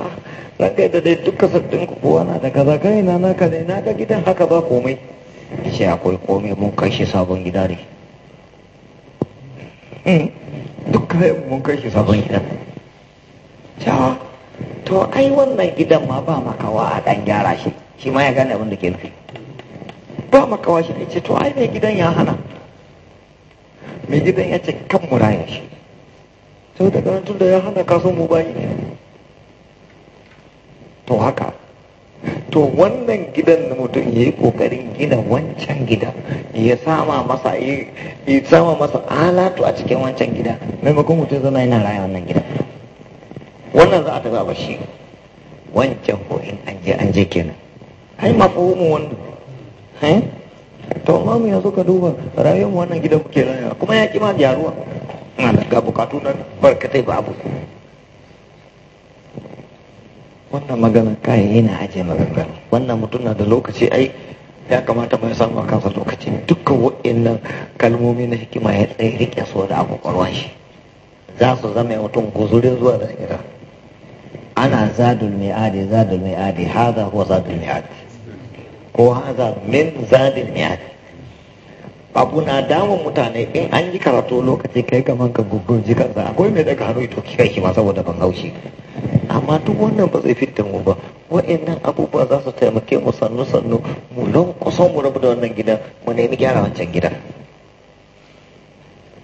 na kai da dai dukkan sabbin ku kowa na da kaza kai na naka ne na ga gidan haka ba komai ce akwai komai mun kai shi sabon gida ne hmm. duk kayan mun kai shi sabon gidan cewa to ai wannan gidan ma ba makawa a dan gyara shi shi ma ya gane abin da ke nufi ba makawa shi ne ce to ai mai gidan ya hana mai gidan ya ce kan mu raya shi sau daga tun da ya hana kaso mu bayi ne to haka to wannan gidan da mutum ya yi kokarin gina wancan gida ya sama masa ya sama masa alatu a cikin wancan gida maimakon mutum zana yana raya wannan gida wannan za a ta a shi wancan ko in an je an je kenan ai mafhumu wannan eh to mamu mu yanzu ka duba rayuwar wannan gidan muke raya kuma ya ki ma jaruwa Na ga bukatu na barkatai babu wannan magana kayan yana ajiye maganganu wannan mutum na da lokaci ai ya kamata mai samu a kansa lokaci dukkan wa'annan kalmomi na hikima ya tsaye rike su da a shi za su zama mutum guzurin zuwa da ira ana zadul adi zadul adi haza huwa zadul adi. ko haza min zadul mai adi. abu na damun mutane in an yi karatu lokaci kai kaman ka gugurji kansa akwai mai daga hannu ito kika shi ma saboda ban haushi amma duk wannan ba zai fitin mu ba wa'annan abubuwa za su taimake mu sannu sannu mu don kusan mu rabu da wannan gidan mu nemi gyara wancan gidan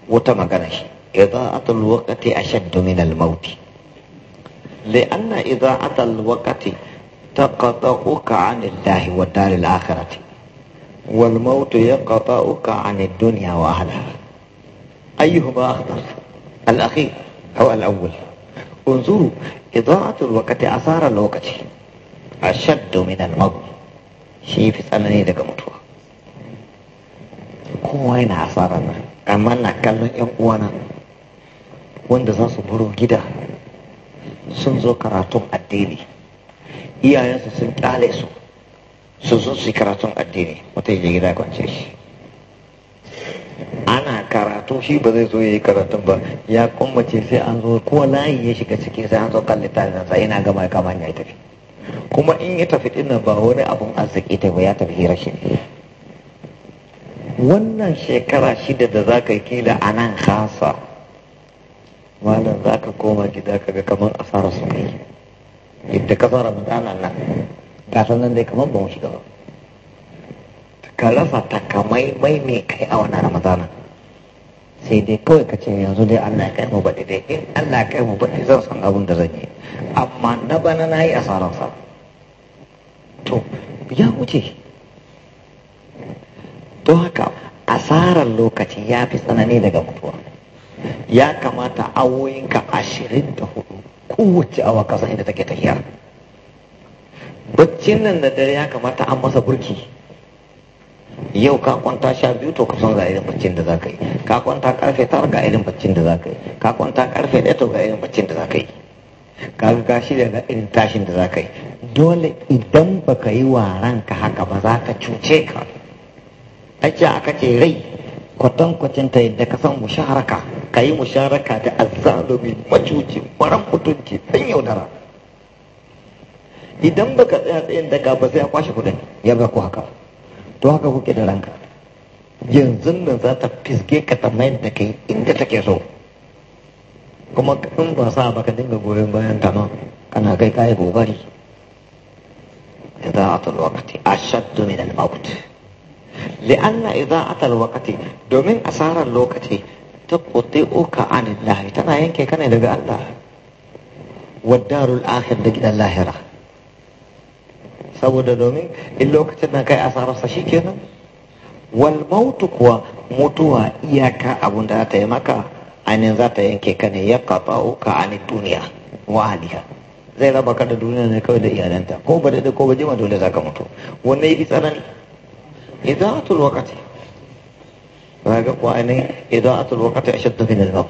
wata magana shi ida'atul waqti ashaddu min al-maut li'anna ida'atul waqti taqta'uka 'an Allah wa daril akhirati wal mautu yaqta'uka uka ad-dunya wa ahliha ayyuhuma akhtar al-akhir aw al-awwal انظروا إضاعة الوقت أثار الوقت أشد من الموت shi في tsanani daga mutuwa. kowa yana asara nan amma na kallon yan wanda za su buro gida sun zo karatun addini iyayensu sun kyale su susu si karatun addini mutum ya gida kwance shi ana karatu shi ba zai zo ya yi karatun ba ya kummace sai an zo ko layi ya shiga ciki sai an zo kan littafin sa yana gama kama ya tafi kuma in ya tafi din ba wani abun arziki ta ba ya tafi hira shi wannan shekara shida da za ka yi kila a nan hasa malam za ka koma gida ka ga kamar asarar su ne yadda ka fara mutanen nan gasar nan dai kamar ba mu shiga ba ka rasa takamaimai mai kai a wannan ramadana sai dai kawai ka ce yanzu dai Allah kai mu baɗi dai in Allah kai mu bade zan san abin da zan yi amma na bana na yi asararsa to ya wuce To haka asarar lokaci ya fi tsanani daga mutuwa ya kamata awoyinka ashirin da hudu kowace awa kasa inda take tafiyar baccin nan da dare ya kamata an masa burki yau ka kwanta sha biyu to kusan ga irin baccin da za ka yi ka kwanta karfe tar ga irin baccin da za ka yi ka kwanta karfe ɗaya to ga irin baccin da za ka yi ka ga shi da ga irin tashin da za ka yi dole idan baka yi wa ranka haka ba za ka cuce ka ake aka ce rai kwatan ta yadda ka san musharaka ka yi musharaka da azzalumi macuci maran mutunci ɗan yaudara idan baka tsaya tsayin daga ba sai a kwashe kudin ya ga ku haka to haka kuke da ranka yanzu nan za ta fisge ka ta mayar da kai inda take so kuma in ba sa baka dinga goyon bayan ta ma kana kai kai gobari idza atal a ashaddu min al maut li'anna idza atal waqti domin asarar lokaci ta kote uka anillahi tana yanke kana daga Allah wa darul akhir da gidan lahira saboda domin in lokacin nan kai sa shi kenan wal mautu kuwa mutuwa iyaka abun da ta yi maka ainihin za ta yanke ka ne ya kafa ka anin duniya wa aliha zai raba ka da duniya ne kawai da iyalanta ko ba da ko ba jima dole za ka mutu wannan yi tsanani idaatul waqti raga kuwa ainihin idaatul wakati a shaddafi da maut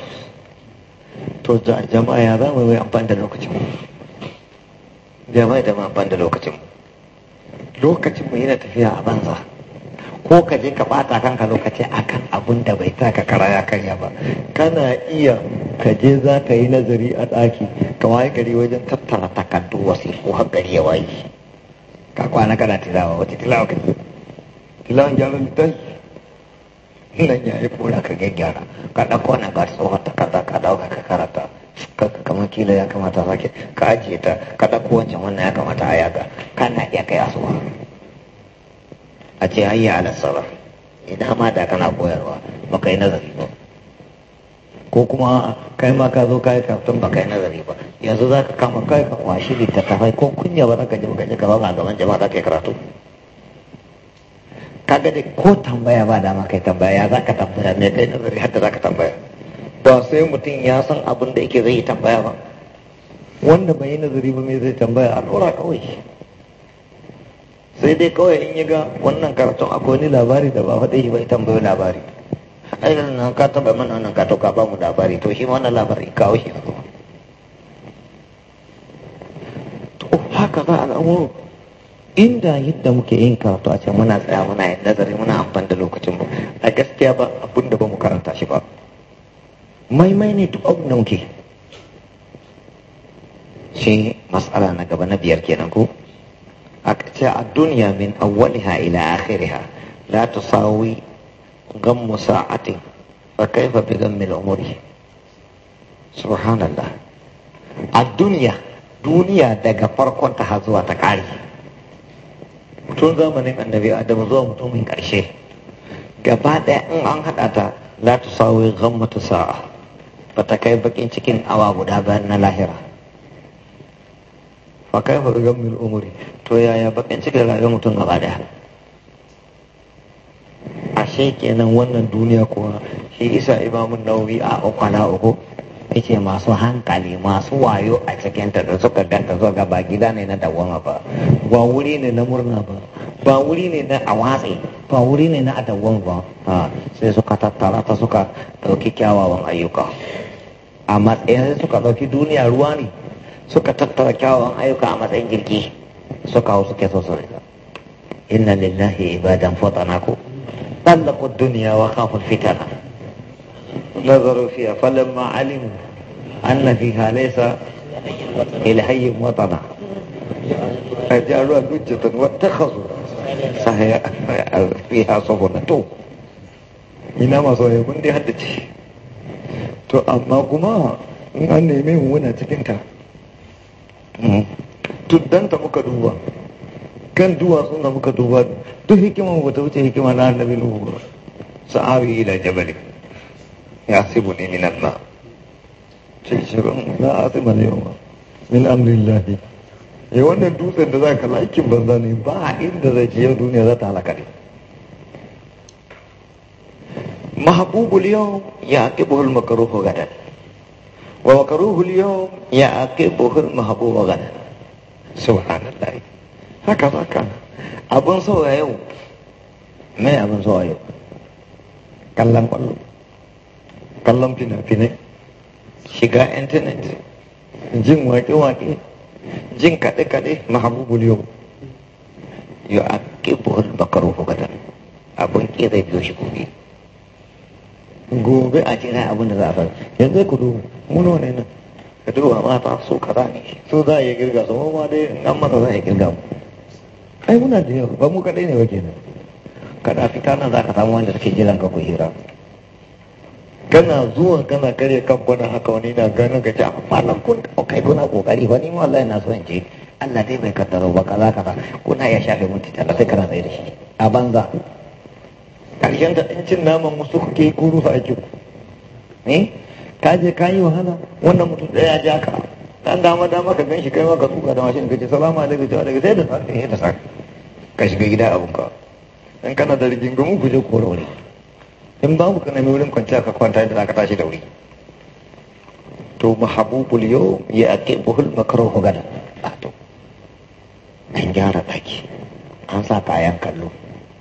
to jama'a ya za mu yi amfani da lokacin jama'a ya zama amfani da lokacin lokacin mu yana tafiya a banza ko ka je ka bata kanka lokaci akan abun da bai taka kara ya karya ba kana iya ka je za ka yi nazari a ɗaki ka waye gari wajen tattara takardu wasiƙu har gari ya waye ka kwana kana tilawa wace tilawa ka tilawan gyaran littafi nan ya yi kora ka gyaggyara ka ɗauko na ga tsohon takarda ka ɗauka ka karata kamar kila ya kamata sake ka ajiye ta ka ko wancan wannan ya kamata a yaga kana iya kai asuwa a ce ya ala sarar ina ma da kana koyarwa ba kai nazari ba ko kuma kai ma ka zo ka tun ba kai nazari ba yanzu za ka kama kai ka kwashi tafai ko kunya ba za ka jima ba ka ga gaban jama'a za ka yi karatu kaga da ko tambaya ba dama kai tambaya za ka tambaya ne kai nazari hatta za ka tambaya ba sai mutum ya san abin da yake zai tambaya ba wanda bai yi nazari ba mai zai tambaya a ɗora kawai sai dai kawai in yi ga wannan karatun akwai wani labari da ba faɗe shi bai tambayo labari ai nan ka taba mana wannan ka ka ba mu labari to shi ma wannan labari kawo shi a to haka za a inda yadda muke yin karatu a can muna tsaya muna yin nazari muna amfani da lokacin mu a gaskiya ba abinda ba mu karanta shi ba mai mai ne duk abin da muke shi mas'ala na gaba na biyar kenan ko aka ce a duniya min awwaliha ila akhiriha la tusawi kaifa bi gam بغم umuri subhanallah A duniya. Duniya daga farkon ta zuwa ta kare tun zamanin annabi adamu zuwa mutumin karshe gaba ɗaya in an haɗa ta la tusawi gam sa'a ba ta kai bakin cikin awa guda bayan na lahira fa kai fa ga mil umuri to yaya bakin cikin rayuwar mutum gaba daya ashe kenan wannan duniya kuwa shi isa imamun nauyi a ukwana uku ce masu hankali masu wayo a cikinta da suka ganta zuwa ba gida ne na dawama ba ba wuri ne na murna ba ba wuri ne na awatsi ba wuri ne na adawama ba sai suka tattara ta suka ɗauki kyawawan ayyuka a matsayin suka ɗauki duniya ruwa ne suka tattara kyawawan ayyuka a matsayin jirgi suka hau suke so sun inna lillahi ibadan fatana ko tsallaku duniya wa kafin fitana nazaru fiya falin ma'alimu an na fi ila ilhayin watana a jaruwa dujjatan wata kasu sahaya fiha saboda to ina so ayyukun dai haddace to amma kuma in an neme muna cikinta mm. tuddanta muka duba kan duwatsun da muka duba duk hikima wata wuce hikima na annabi nuhu sa'awi ila jabali ya sibu ni minan na cikin na asima ne yawa min amrin ya eh, wannan dutsen da za ka laikin banza ne ba inda zai je duniya za ta halaka ne mahbubul yawm yaqibuhul makruh gadan wa makruhul yawm yaqibuhul mahbub gadan subhanallah haka haka abun so a yau me abun so a yau kallon kwallo kallon fina-finai shiga intanet jin wake-wake jin kaɗe-kaɗe mahabubul yau yau a kebowar bakaruhu gadan abun ƙi zai biyo shi gobe gobe a jira abin da za a faru yanzu ku duba muno ne nan ka duba ta so za ne so za a iya girga su ma dai an masa za a iya girga mu ai muna da yawa ba mu kaɗai ne ba kenan kada fita nan za ka samu wanda suke jiran ka ku hira kana zuwa kana karya kan gwada haka wani na ganin ka ce a malam kun kai kuna kokari wani ma Allah na so in ce Allah dai bai kaddaro ba kaza kaza kuna ya shafe mutunta sai kana tsaye da shi a banza ƙarshen da ɗan cin naman wasu kuke kuru a jiku ne ka je ka yi wahala wannan mutum ɗaya ja ka ɗan dama dama ka gan shi kai maka tsuka da mashin gaji salama da cewa daga sai da da sa ka shiga gida abun ka in kana da rigingamu ku je kora wuri in babu ka nemi wurin kwanciya ka kwanta da za ka tashi da wuri to mahabubul yau ya ake buhul ku gada ah, to an gyara ɗaki an sa kayan kallo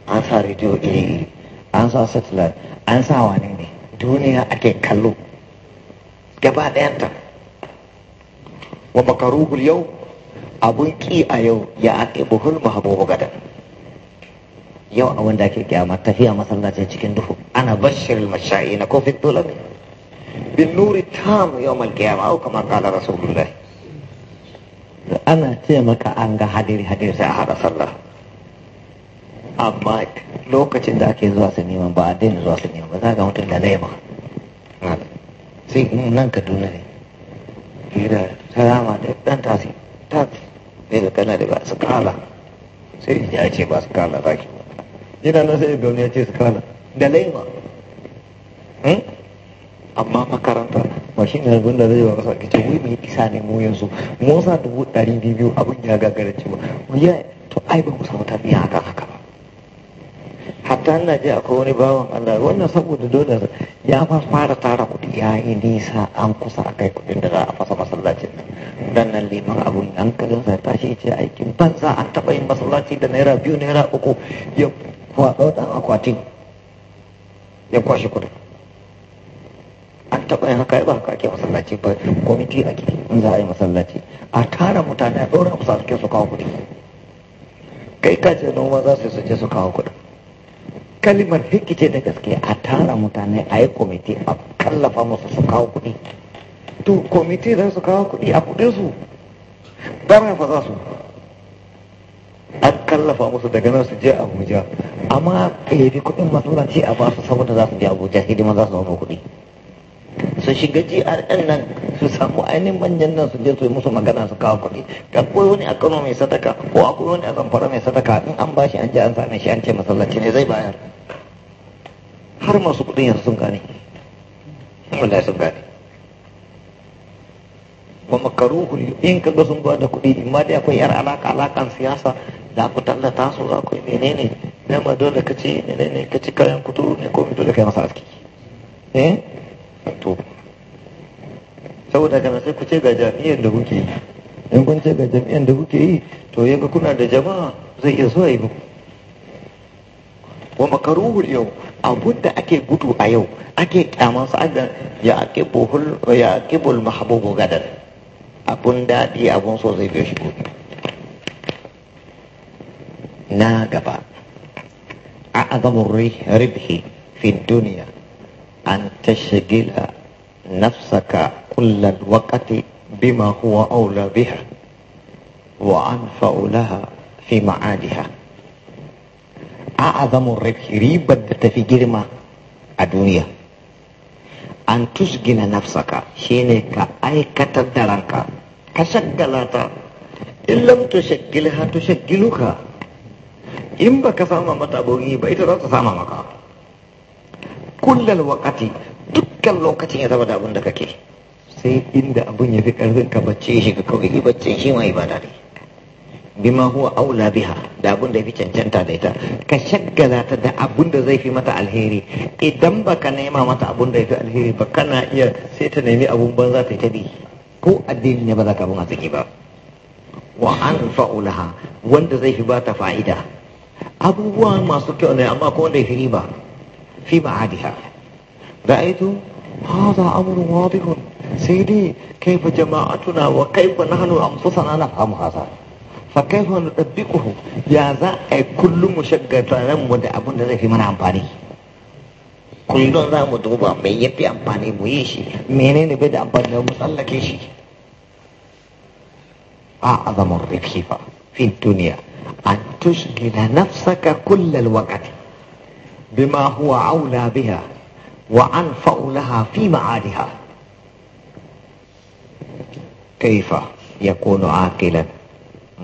an sa rediyo iri-iri an sa satellite an sa wane ne duniya ake kallo gaba ɗayanta wa makarugul yau abun ƙi a yau ya ake buhul mahabubu gadan yau a wanda ake kyama tafiya masallaci cikin duhu ana bashir mashayi na kofin dole ne bin nuri tam yau mal kyama au kamar kala rasulullahi ana ce maka an ga hadiri hadiri sai a hada sallah amma lokacin da ake zuwa su neman ba a daina zuwa su neman ba za ga mutum da laima ah, sai in nan kaduna ne ta rama da ɗan tasi ta ne da kana da ba su kala sai ya ce ba su kala ba ki gida nan sai gauni ya ce su kala da laima hmm? amma makaranta ba shi ne abin da zai ba kasa kace wai mai isa ne mu yanzu mu sa dubu ɗari biyu abin ya gagara cewa ya to ai ba mu samu tafiya haka haka ba hatta na ji akwai wani bawan Allah wannan saboda dole ya fa fara tara kuɗi ya yi nisa an kusa a kai kuɗin da za a fasa masallacin nan dan nan liman an kalin sa tashi ce aikin banza an taɓa yin masallaci da naira biyu naira uku ya kwaɗo ɗan akwatin ya kwashe kuɗi. an taɓa yin haka ba haka ake masallaci ba kwamiti ake in za a yi masallaci a tara mutane a ɗora kusa suke su kawo kuɗi kai ka ce noma za su je su kawo kuɗi. kalimar rikice da gaske a tara mutane a yi kwamiti a kallafa musu su kawo kuɗi to kwamiti zai su kawo kuɗi a kuɗin su ba mai faza su a kallafa musu daga nan su je abuja amma ɗaya kuɗin masu a ba su saboda za su je abuja hidima za su zama kuɗi su shiga GRN nan su samu ainihin manyan nan su je su yi musu magana su kawo kuɗi akwai wani a Kano mai sadaka ko akwai wani a Zamfara mai sadaka in an ba shi an ji an same shi an ce masallaci ne zai bayar har masu kuɗin yanzu sun gane wallahi sun gane wa makaruhu in kaga sun ba da kuɗi ma dai akwai yar alaka alakan siyasa za ku tallata su za ku yi menene na ma dole ka ce menene ka ci kayan kuturu ne ko dole yi masa aski eh to saboda kana sai ku ce ga jami'an da kuke yi in kun ce ga jami'an da kuke yi to yaga kuna da jama'a zai iya zuwa yi muku wa makaruhul yau abun da ake gudu a yau ake kyaman su aga ya aqibuhul ya aqibul mahabubu gadar abun daɗi abun so zai biyo shi gudu na gaba a azamun ribhi fi duniya أن تشغل نفسك كل الوقت بما هو أولى بها وأنفع لها في معادها أعظم الربح ريبة في جرمة الدنيا أن تشغل نفسك شينك أي كتدرنك كشغلات إن لم تشغلها تشغلك إن بك فاما متابعي بيت لا تسامى مكان kullal waƙati dukkan lokacin ya zama da abin da kake sai inda abin ya fi ƙarfin ka bacci shi ka kawai bacce shi ma ibada ne bima huwa aula biha da abin da ya fi cancanta da ita ka shaggala ta da abun da zai fi mata alheri idan baka nema mata abun da ya fi alheri ba kana iya sai ta nemi abin banza ta ta bi ko addini ne ba za ka bin arziki ba wa an fa'ulaha wanda zai fi ba ta fa'ida abubuwa masu kyau ne amma ko wanda ya fi riba في معادها رأيت هذا أمر واضح سيدي كيف جماعتنا وكيف نحن أنفسنا نفهم هذا فكيف نطبقه يا ذا كل مشكلة مدعب في من أمباني كل ذا مدعب من يبي أمباني مويشي من يبي أمباني مسلكيشي أعظم الرخيفة في الدنيا أن تشغل نفسك كل الوقت بما هو أولى بها وأنفع لها في معادها كيف يكون عاقلا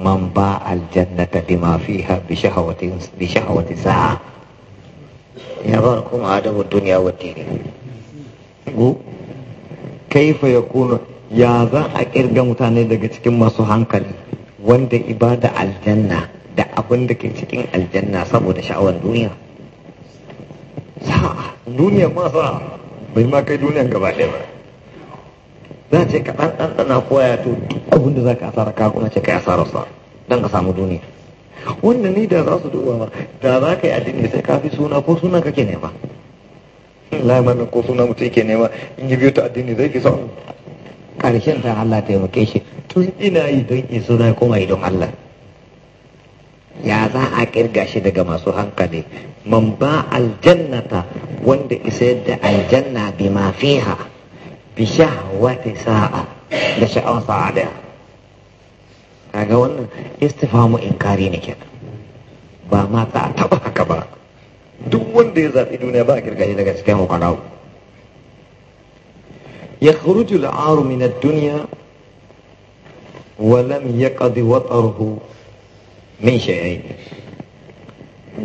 من باع الجنة بما فيها بشهوة بشهوة ساعة يرانكم عدم الدنيا والدين كيف يكون يا ذا a kirga mutane ما cikin masu hankali إبادة الجنة aljanna da abin da ke cikin aljanna saboda sha'awar duniya sa duniyar masa bai ma kai duniyar gaba ɗaya ba za ce ka ɗan ɗan ɗana koya to duk abin da za ka asara ka kuma ce ka asara sa don ka samu duniya wanda ni da za su duba ba da za ka yi addini sai ka fi suna ko suna kake nema mana ko suna mutum ke nema in yi biyu ta addini zai fi son ƙarshen ta Allah taimake shi tun ina yi don in suna kuma yi Allah ya za a kirga shi daga masu hankali man ba aljannata wanda isa yadda aljanna bi ma fiha bi shahwati sa'a da sha'awar sa'a da kaga wannan istifamu inkari ne kenan ba ma ta taba haka ba duk wanda ya zaɓi duniya ba a kirga shi daga cikin hukarau ya khuruju al'aru min ad-dunya wa lam yaqdi watarhu من شيئين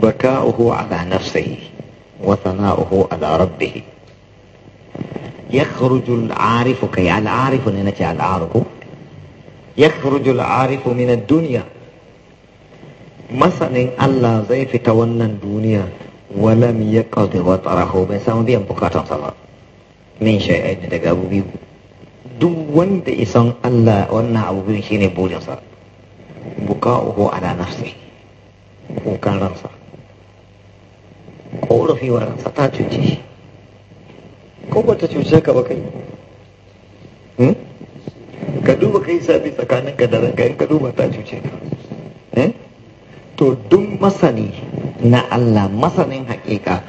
بكاؤه على نفسه وثناؤه على ربه يخرج العارف كي العارف ننتي العارف يخرج العارف من الدنيا مثلا الله زي في تونا الدنيا ولم يقض وطره بس هم بيان بكاتا صلاة من شيئين دقابو بيو duk wanda isan Allah wannan abubuwan shi بولي صلاة buka'uhu ala nafsi bukan ransa wa ransa ta cuci. shi ko ba ta ka ba kai ka duba kai sabi tsakanin ka da ranka ka duba ta cuci ka to duk masani na Allah masanin hakika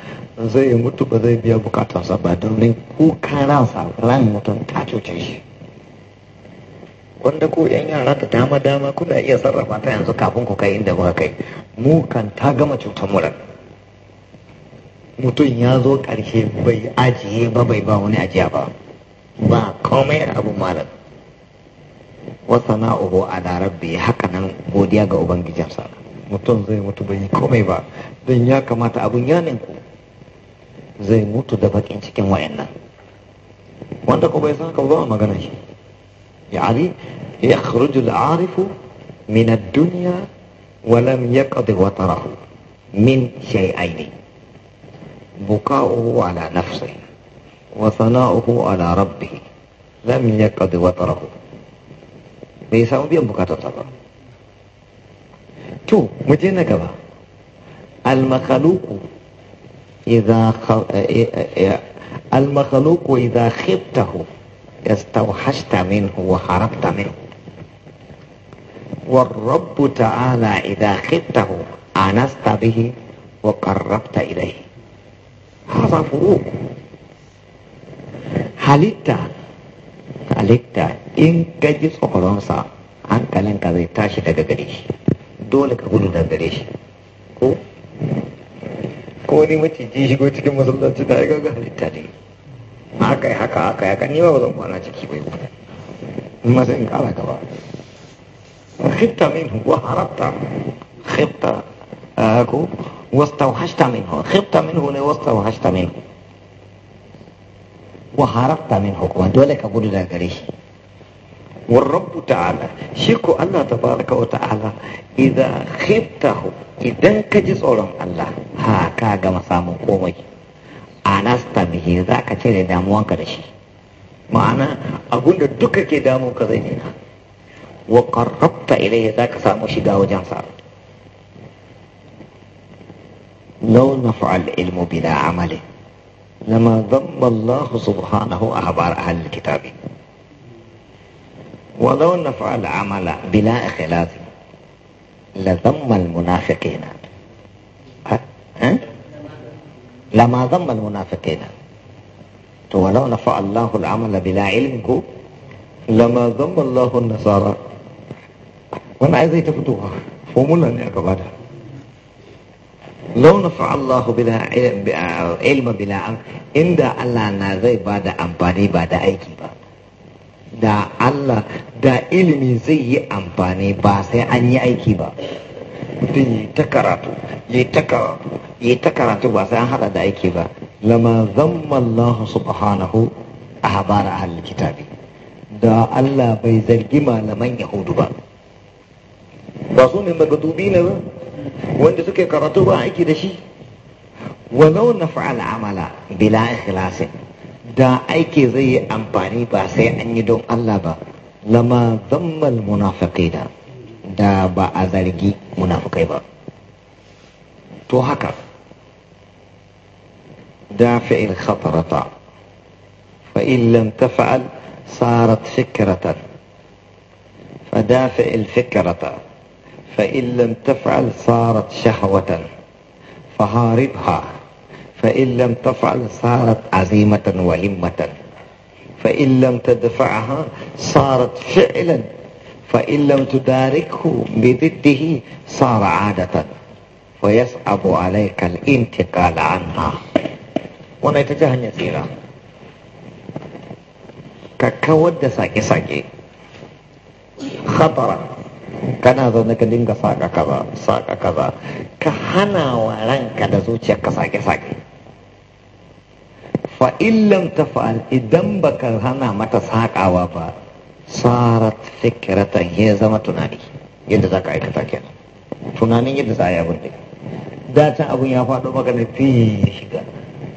zai mutu ba zai biya bukatarsa ba domin kukan ransa ran mutum ta cuce shi wanda ko yan yara ta dama dama kuna iya sarrafa ta yanzu kafin ku kai inda muka kai mu kan ta gama cutar mura mutum ya zo ƙarshe bai ajiye ba bai ba wani ajiya ba ba komai abu malam na ubo a larabbi haka nan godiya ga ubangijinsa mutum zai mutu bai yi komai ba don ya kamata abun ya ku zai mutu da bakin cikin wayannan wanda ko bai san ka ba magana shi يعني يخرج العارف من الدنيا ولم يقض وطره من شيئين بكاؤه على نفسه وثناؤه على ربه لم يقض وتره بيساو بيان بكاته طبعا تو مجينا كبا المخلوق إذا خل... المخلوق إذا خبته استوحشت منه وهربت منه والرب تعالى إذا خدته أنست به وقربت إليه هذا فروق halitta halitta in ka ji tsoronsa hankalinka zai tashi daga gare dole ka gudu daga gare ko ko ni maciji cikin masallaci da halitta ne haka yi haka haka ya kan yi ba zan kwana ciki bai ba amma منه وهربت خبت أكو واستوحشت منه خبت منه واستوحشت منه وهربت منه كما دولك أقول لا قريش والرب تعالى شكو الله تبارك وتعالى إذا خبته إذا كجزء الله هكا كما سامو قومي anasta bihi za ka cire damuwanka da shi ma'ana abinda duka ke damu ka zai nuna wa qarrabta ilaihi za ka samu shiga wajen sa law nafa'al ilmu bila amali lama dhamma Allah subhanahu ahbar ahli kitab wa law nafa'al amala bila ikhlas la dhamma al munafiqina ha lama zammal munafiqina to walau nafa Allahu al-amala bila ilmin lama zamma Allahu an-nasara wannan ai zai ta fitowa formula ne aka bada law nafa Allahu bila ilma inda Allah na zai bada amfani ba da aiki ba da Allah da ilimi zai yi amfani ba sai an yi aiki ba mutum yi ta karatu ya ta karatu ya ta karatu ba sai an hada da aiki ba lama zamma Allah subhanahu ahbara ahli kitabi da Allah bai zargi malaman yahudu ba ba su ne magadubi ne ba wanda suke karatu ba aiki da shi walau na fa'ala amala bila ikhlasi da aiki zai yi amfani ba sai an yi don Allah ba lama zammal munafiqina da ba a zargi munafukai ba to haka دافع الخطرة فإن لم تفعل صارت فكرة فدافع الفكرة فإن لم تفعل صارت شهوة فهاربها فإن لم تفعل صارت عزيمة وهمة فإن لم تدفعها صارت فعلا فإن لم تداركه بضده صار عادة ويصعب عليك الانتقال عنها ونتجهن يسيرا ككود ساكي ساكي خطرا kana zaune ka dinga saka kaza saka kaza ka hana wa ranka da zuciyarka sake-sake fa illam tafa'al idan baka hana mata sakawa ba sarat fikiratan ya zama tunani yadda za ka aikata kenan tunanin yadda za a yi abin da da can abin ya faɗo maka ne fi ya shiga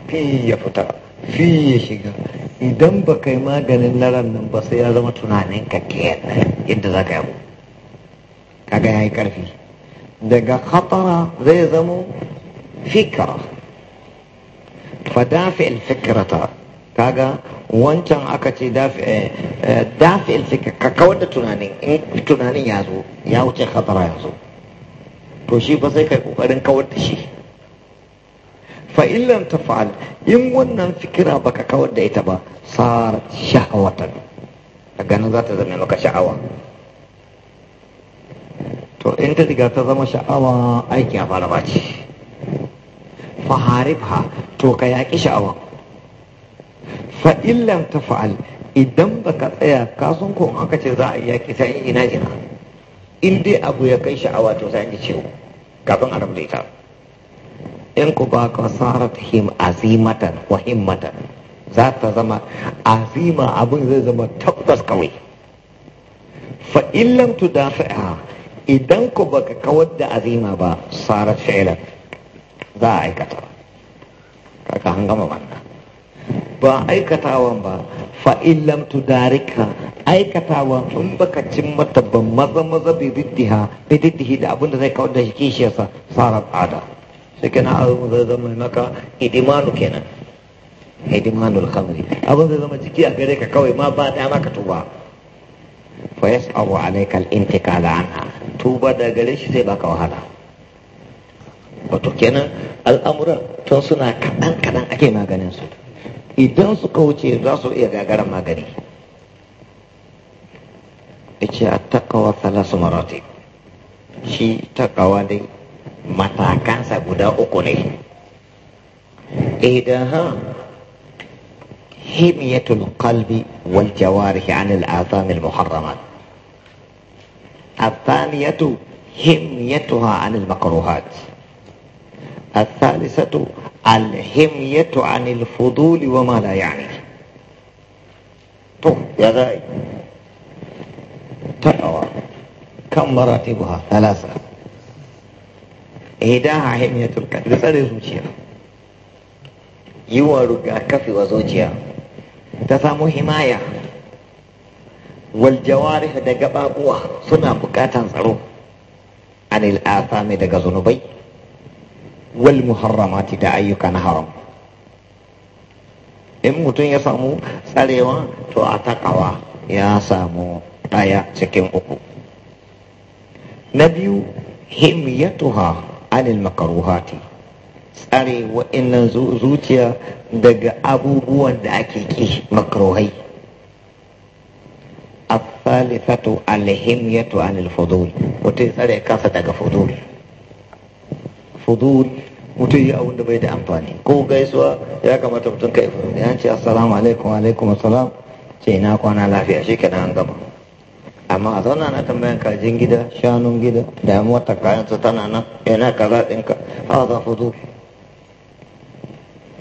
fi ya fita fi ya shiga idan ba kai maganin laran nan ba sai ya zama tunanin ka kenan yadda za ka yi abu kaga ya yi karfi daga khatara zai zamo fikira fadafi alfikirata kaga wancan aka ce eh, eh, dafi'il fikir ka kawar da tunanin in tunanin ya zo ya wuce khatara yanzu to shi ba sai kai kokarin kawar da shi fa ta fa'al in wannan fikira ba ka kawar da ita ba sar shahawatan A ganin za ta zama maka sha'awa to in ta riga ta zama sha'awa aiki ya fara baci fa haribha to ka yaƙi sha'awan fa ta tafa'al idan ka tsaya ka san ko aka ce za a yi yaki sai ina ina in dai abu ya kai sha'awa to sai ji ciwo kafin a rabu da ita in ku ba ka ta him azimatan wa himmatan za ta zama azima abin zai zama tabbas kawai fa da tudafi'a idan ku baka kawar da azima ba sara shayar za a aikata ka an gama wannan ba aikatawan ba fa'in lam tudarika aikatawan sun baka cin mata ba maza maza bididdiha bididdihi da abinda zai kawar da shi kishiyarsa sarar ada shi kenan abin zai zama maka idimanu kenan hidimanul alkhamri abin zai zama jiki a gare ka kawai ma ba dama ka tuba fa yas'aru alayka al-intiqal anha tuba da gare shi zai baka wahala wato kenan al'amuran tun suna kaɗan kaɗan ake maganin su idan suka wuce za su iya gagarar magani ce a takawa salasu marati shi takawa dai matakansa guda uku ne idan ha himiyatul kalbi wal jawarihi anil azamil muharramat الثانية هميتها عن المكروهات الثالثة الحمية عن الفضول وما لا يعني طب يا غاي تقوى كم مراتبها ثلاثة إهداها حمية القلب سر زوجيا يوارق كفي وزوجيا تسام حماية والجوارح دقبابوها سنة بكاتا صاروخ عن الآثام دقا ذنوبي wal muharramati da ayyukan haram in mutum ya samu tsarewa to a takawa ya samu ɗaya cikin uku na biyu himyatuha anil makaruhati tsare wa'annan zuciya daga abubuwan da ake ki alhimiyatu anil الهمية mutum tsare kasa daga فضول fudul mutum yi abin da bai da amfani ko gaisuwa ya kamata mutum kai fudul ya ce assalamu alaikum alaikum assalam ce na kwana lafiya shi ke an gama amma a zauna na tambayan kajin gida shanun gida damuwar ta kayan su tana nan yana kaza ɗinka a za fudu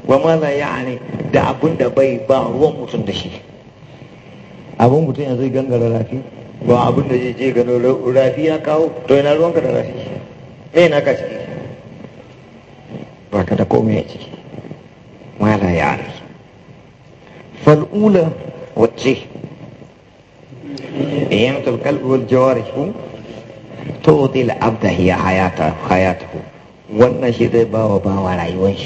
wa maza ya ne da abun da bai ba ruwan mutum da shi abun mutum ya zai gangara rafi ba abun da zai je gano rafi ya kawo to yana ruwanka da rafi ne na ka ciki وهكذا قوم يأتي ما لا يعرف فالأولى وجه قيامة القلب والجوارح تؤتي العبد هي حياته حياته والنشيد باو باو على يوش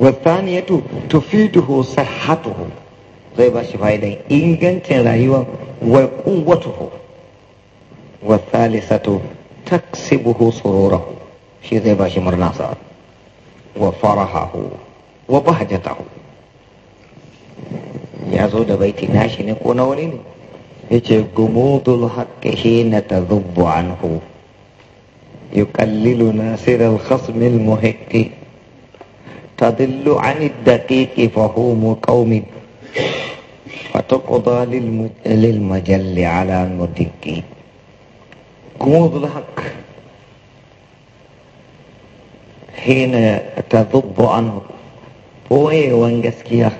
والثانية تفيده صحته زي باش فايدة إنجن تنرايوة وقوته والثالثة تكسبه سروره شيخي باشي مرناصر وفرحه وبهجته يا زود بيتي ناشي نكون ولين يجي قمود الحق حين تذب عنه يقلل ناصر الخصم المهك تضل عن الدقيق فهوم قوم فتقضى للمجل على المدك قمود الحق حين تذب عنه ɓoyewan gaskiya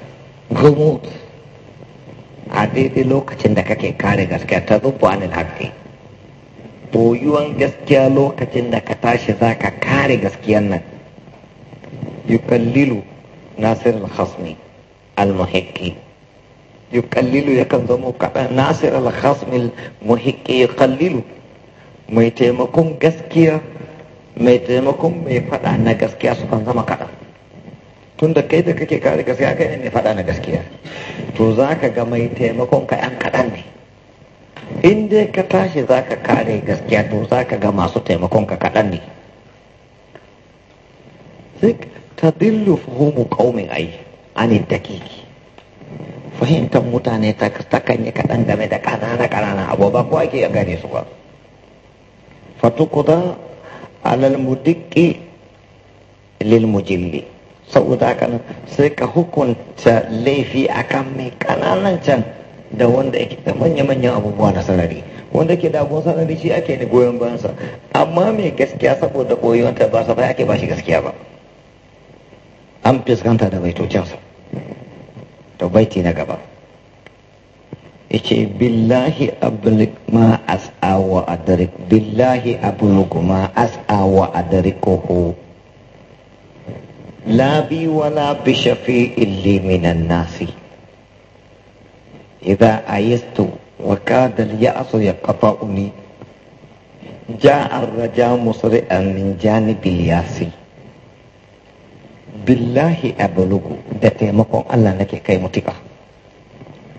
gumut a daidai lokacin da kake kare gaskiya ta zubba anil haƙƙi ɓoyuwan gaskiya lokacin da ka tashi za ka kare gaskiyan nan yukallilu nasir al-khasmi al-muhiqqi yukallilu yakan nasir al-khasmi al mai taimakon gaskiya mai taimakon mai faɗa na gaskiya su kan zama kaɗan tun da kai da kake kare gaskiya kai ne mai faɗa na gaskiya to za ka ga mai taimakon ka yan kaɗan ne in dai ka tashi za ka kare gaskiya to za ka ga masu taimakon ka kaɗan ne sai ta dillu fuhumu ƙaumin ai ani dakiki fahimtar mutane ta kan yi kaɗan game da ƙanana ƙanana abubuwa ko ake gane su ba fatukuda alal mudiki lil mujilli saboda haka sai ka hukunta laifi a kan mai kananan can da wanda yake da manya-manyan abubuwa na sarari wanda ke dagon sarari shi ake ne goyon bayansa amma mai gaskiya saboda koyonta ba sa ake ba shi gaskiya ba an fuskanta da baitocinsa to baiti na gaba yake billahi abulik ma as'awa a adrik billahi abulik ma a wa adrikuhu la bi wala bi shafi'in li minan nasi idza ayastu wa kada al-ya'su yaqta'uni ja'a ar-raja musri'an min janibil yasi billahi ablugu da taimakon Allah nake kai mutuka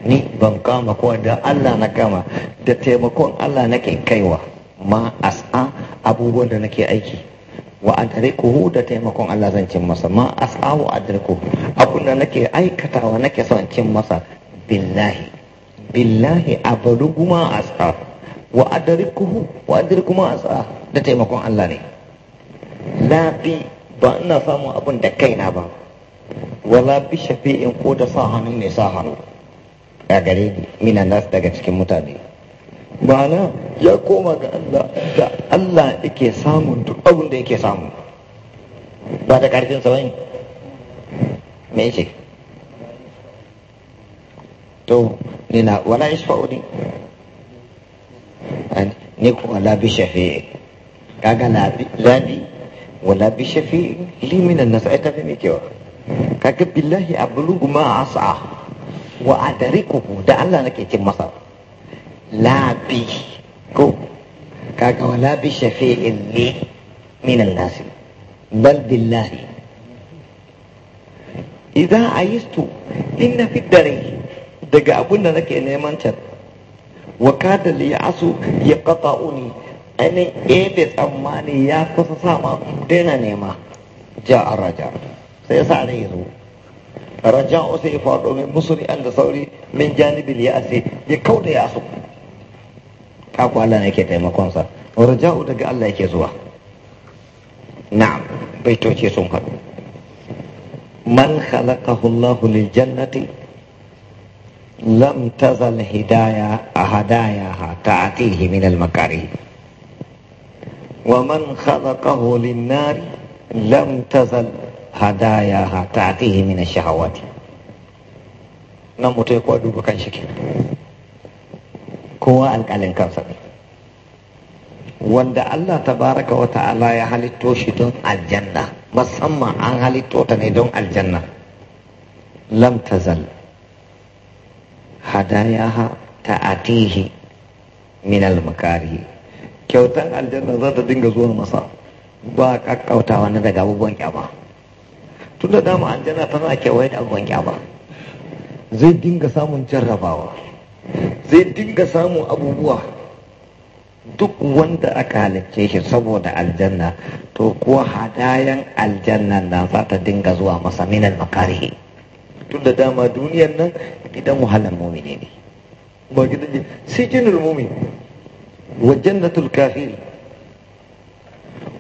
ni ban kama ko da Allah na kama da taimakon Allah nake kaiwa ma as'a abubuwan da nake aiki wa adrikuhu da taimakon Allah zan cin masa ma as'a wa adrikuhu abun da nake aikatawa nake son cin masa billahi billahi abrugu ma as'a wa adrikuhu wa adriku ma as'a da taimakon Allah ne bi ba ina samun abun da kaina ba wala bi shafi'in ko da sa hannun ne sa hannu a gare ni mina nas daga cikin mutane ma'ana ya koma ga Allah da Allah yake samu duk abin da yake samu ba da karfin sa bane me yake to ni na wala yashfa'u ni ni ko la bi shafi'i kaga la bi zabi wala bi shafi li minan nas ai fi mikewa kewa kaga billahi ablugu ma as'a wa adarikuhu da Allah nake cin masa labi ko kaga wa labi shafi'in li min an bal billahi idan ayistu inna fi dare daga abun da nake neman can. wa kada li asu ya qata'uni ani ebe eh, tsammani ya kusa sama daina nema ja'a raja sai sa ne yazo raja'u sai faɗo mai musuri an da sauri min janibil ya ase ya kauda ya aso kaku Allah ne yake taimakonsa raja'u daga Allah yake zuwa na'am bai baitoci sun faɗo man khalaqahu Allah lil jannati lam tazal hidaya ahadaya ta'atihi min al makari wa man khalaqahu lin nar lam tazal hadayaha ta'tihi min ash-shahawati nan mutai ko duba kan shi kowa alƙalin kansa ne wanda Allah baraka wa ta'ala ya halitto shi don aljanna musamman an halitto ta ne don aljanna lam tazal hadayaha ta'atihi min al kyautan aljanna za ta dinga zuwa masa ba kakkautawa na daga abubuwan kyama tun da dama aljanna tana kewaye da abubuwan kyama zai dinga samun jarrabawa zai dinga samun abubuwa duk wanda aka halicce shi saboda aljanna to kuwa hadayan aljanna nan za ta dinga zuwa masa minan makarihi tun da dama duniyar nan gidan wahalar mumini ne ba gidan sijinul mumin Wajen na kafir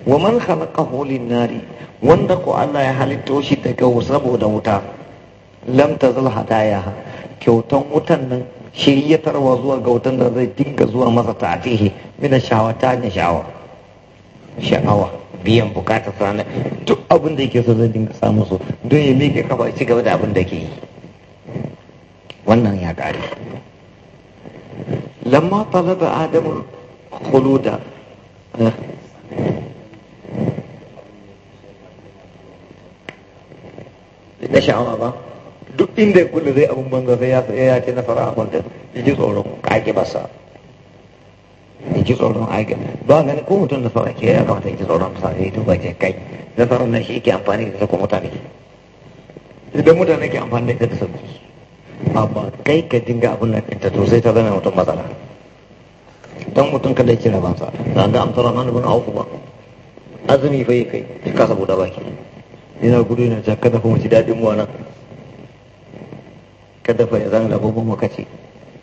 wa man khalaqahu lin-nari wanda ko Allah ya halitto shi daga saboda wuta lam tazal hadaya kyautan wutan nan shi ya tarwa zuwa ga wutan da zai dinga zuwa masa ta'atihi min shawata ne shawa sha'awa biyan bukata sana duk abin da yake so zai dinga samu su don ya miƙe kafa ci gaba da abin da ke yi wannan ya kare lamma talaba adamu khuluda na sha'awa ba duk inda ya kulle zai abin banza sai ya sai ya ce fara a kwanta ya ji tsoron kage basa ya ji tsoron kage ba gani ko mutum na fara ke ya kamata ya ji tsoron sa ya duba ke kai fara nan shi yake amfani da ta kuma mutane idan mutane ke amfani da ita da sauki amma kai ka dinga abin nan ɗinta to sai ta zama mutum matsala dan mutum kada ya kira bansa za ga amsar rahman a auf ba azumi fa kai ka saboda baki yana gudu yana can kada fa mu ji daɗin mu nan kada fa ya zan lababu mu kace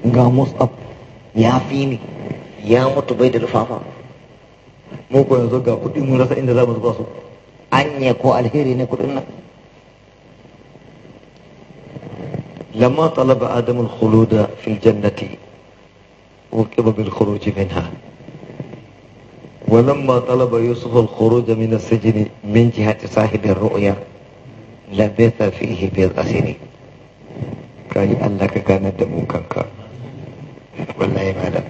ga musab ya fi ni ya mutu bai da lufafa mu ko yanzu ga kuɗi mun rasa inda za mu zuba su anya ko alheri ne kuɗin nan لما طلب آدم الخلود في الجنة وكب بالخروج منها ولما طلب يوسف الخروج من السجن من جهة صاحب الرؤيا لبث فيه بضع سنين كاي الله كان دمو والله ما لا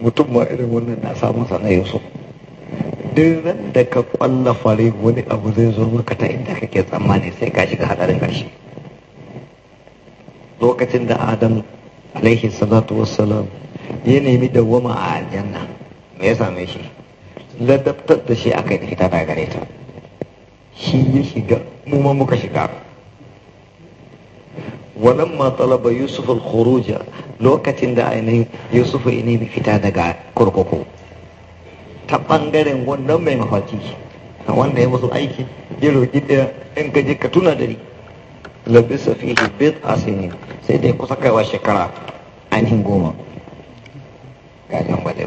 mutum ma irin wannan na samu sana yusuf duk ran da ka kwalla fare wani abu zai zo maka ta inda kake tsammani sai ka shiga hadarin karshe lokacin da adam alaihi salatu wassalam ya nemi dawwama a aljanna me ya same shi ladabtar da shi aka yi fita daga gare ta shi ya shiga mu ma muka shiga ma talaba yusuf al-khuruja lokacin da ainihin yusuf ya nemi fita daga kurkuku ta bangaren wannan mai mafaki wanda ya musu aiki ya roƙi ɗaya in ka ka tuna da ni labisa fihi bid asini sai dai kusa kaiwa shekara ainihin goma gajen ba dai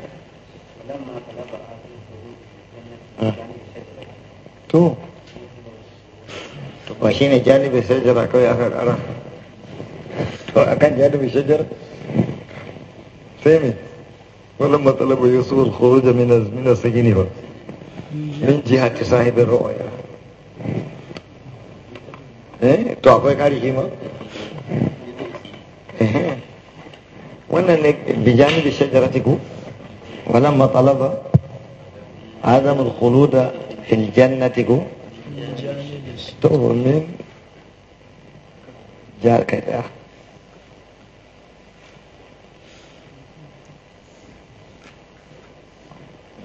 حين جانب الشجرة كوي أخر أرى وأكان جانب الشجرة فهمت ولما طلب يسوع الخروج من من السجن من جهة صاحب الرؤيا ايه توقف كاري هما إيه؟ وانا بجانب الشجرة تكو ولما طلب آدم الخلود في الجنة تكو domin jihar kai daya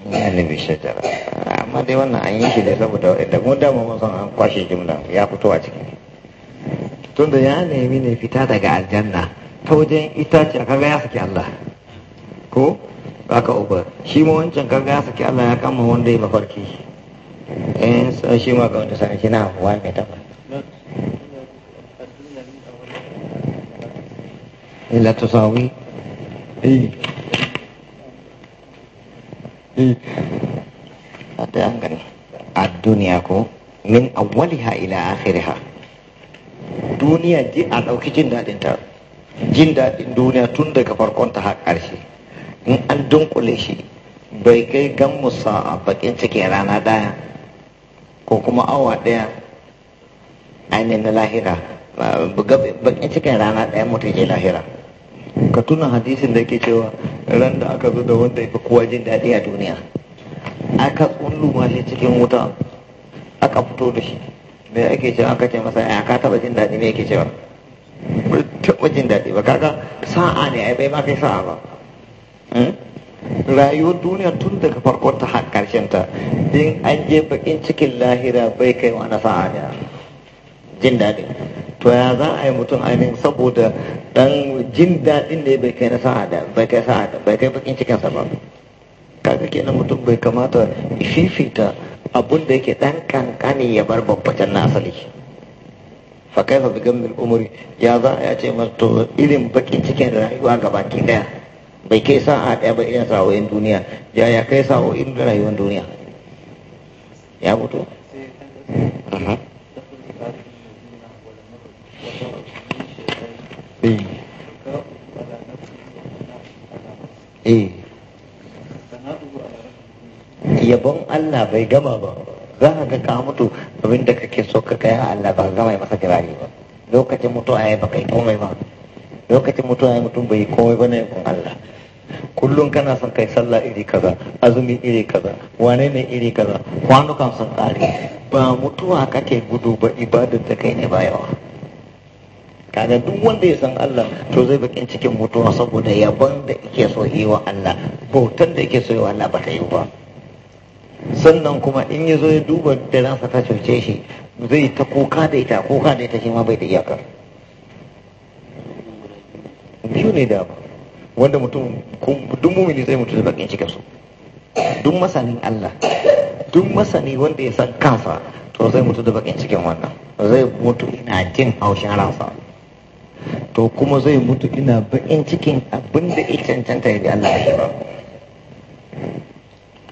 galibi shajara amma dai wannan an yi shi da saboda da mu dama mun san an kwashe jumla ya fito a cikin tunda ya nemi ne fita daga aljanna ta wajen itace kaga ya saki Allah ko ka uba shi ma wancan kaga ya saki Allah ya kama wanda ya mafarki eh so shi ma ga wanda sani shi na hawa mai taba illa tusawi eh eh ada an gani a duniya ko min awwaliha ila akhiriha duniya ji a ɗauki jin daɗin ta jin daɗin duniya tun daga farkon ta har ƙarshe in an dunkule shi bai kai gan musa a bakin cikin rana daya ko kuma awa ɗaya ainihin na lahira bakin cikin rana ɗaya mutum ke lahira ka tuna hadisin da ke cewa ran da aka zo da wanda ya fi kowa jin daɗi a duniya aka tsulluma shi cikin wuta aka fito da shi me ake cewa aka ce masa ya ka taɓa jin daɗi me yake cewa bai taɓa jin daɗi ba kaga sa'a ne ai bai ma kai sa'a ba hmm? rayuwar duniya tun daga farkon ta har karshen ta din an je bakin cikin lahira bai kai wa sa'a ne jin daɗi to ya za a yi mutum ainihin saboda dan jin daɗin ne bai kai na sa'a da bai kai sa'a da bai kai bakin cikin sa ba kaga kenan mutum bai kamata fifita abun da yake dan kankani ya bar babbacin na asali fa fa bi gamil umri ya za a ce mato ilin irin bakin cikin rayuwa gabaki daya bai kai a ɗaya ba irin sa'o'in duniya ya ya kai sa'o'in rayuwar duniya ya mutu? Eh. Eh. yabon Allah bai gama ba za ka ga ka mutu abinda kake so ka kai Allah ba gama masa kirari ba lokacin mutuwa ya baka yi komai ba lokacin mutuwa ya mutum bai komai ba na yakon Allah kullum kana son kai sallah iri kaza azumi iri kaza wane ne iri kaza kwanukan sun ba mutuwa kake gudu ba ibadar da kai ne ba yawa kaga duk wanda ya san Allah to zai bakin cikin mutuwa saboda yabon da yake so yi wa Allah bautan da yake so yi wa Allah ba ta yi ba sannan kuma in ya zo ya duba da ransa ta cuce shi zai ta kuka da ita kuka da ita shi ma bai da iyakar biyu ne da wanda mutum duk mumini zai mutu da bakin cikin su duk masanin Allah duk masani wanda ya san kansa to zai mutu da bakin cikin wannan zai mutu ina jin haushin ransa to kuma zai mutu ina bakin cikin abin da ya cancanta ya bi Allah ya ba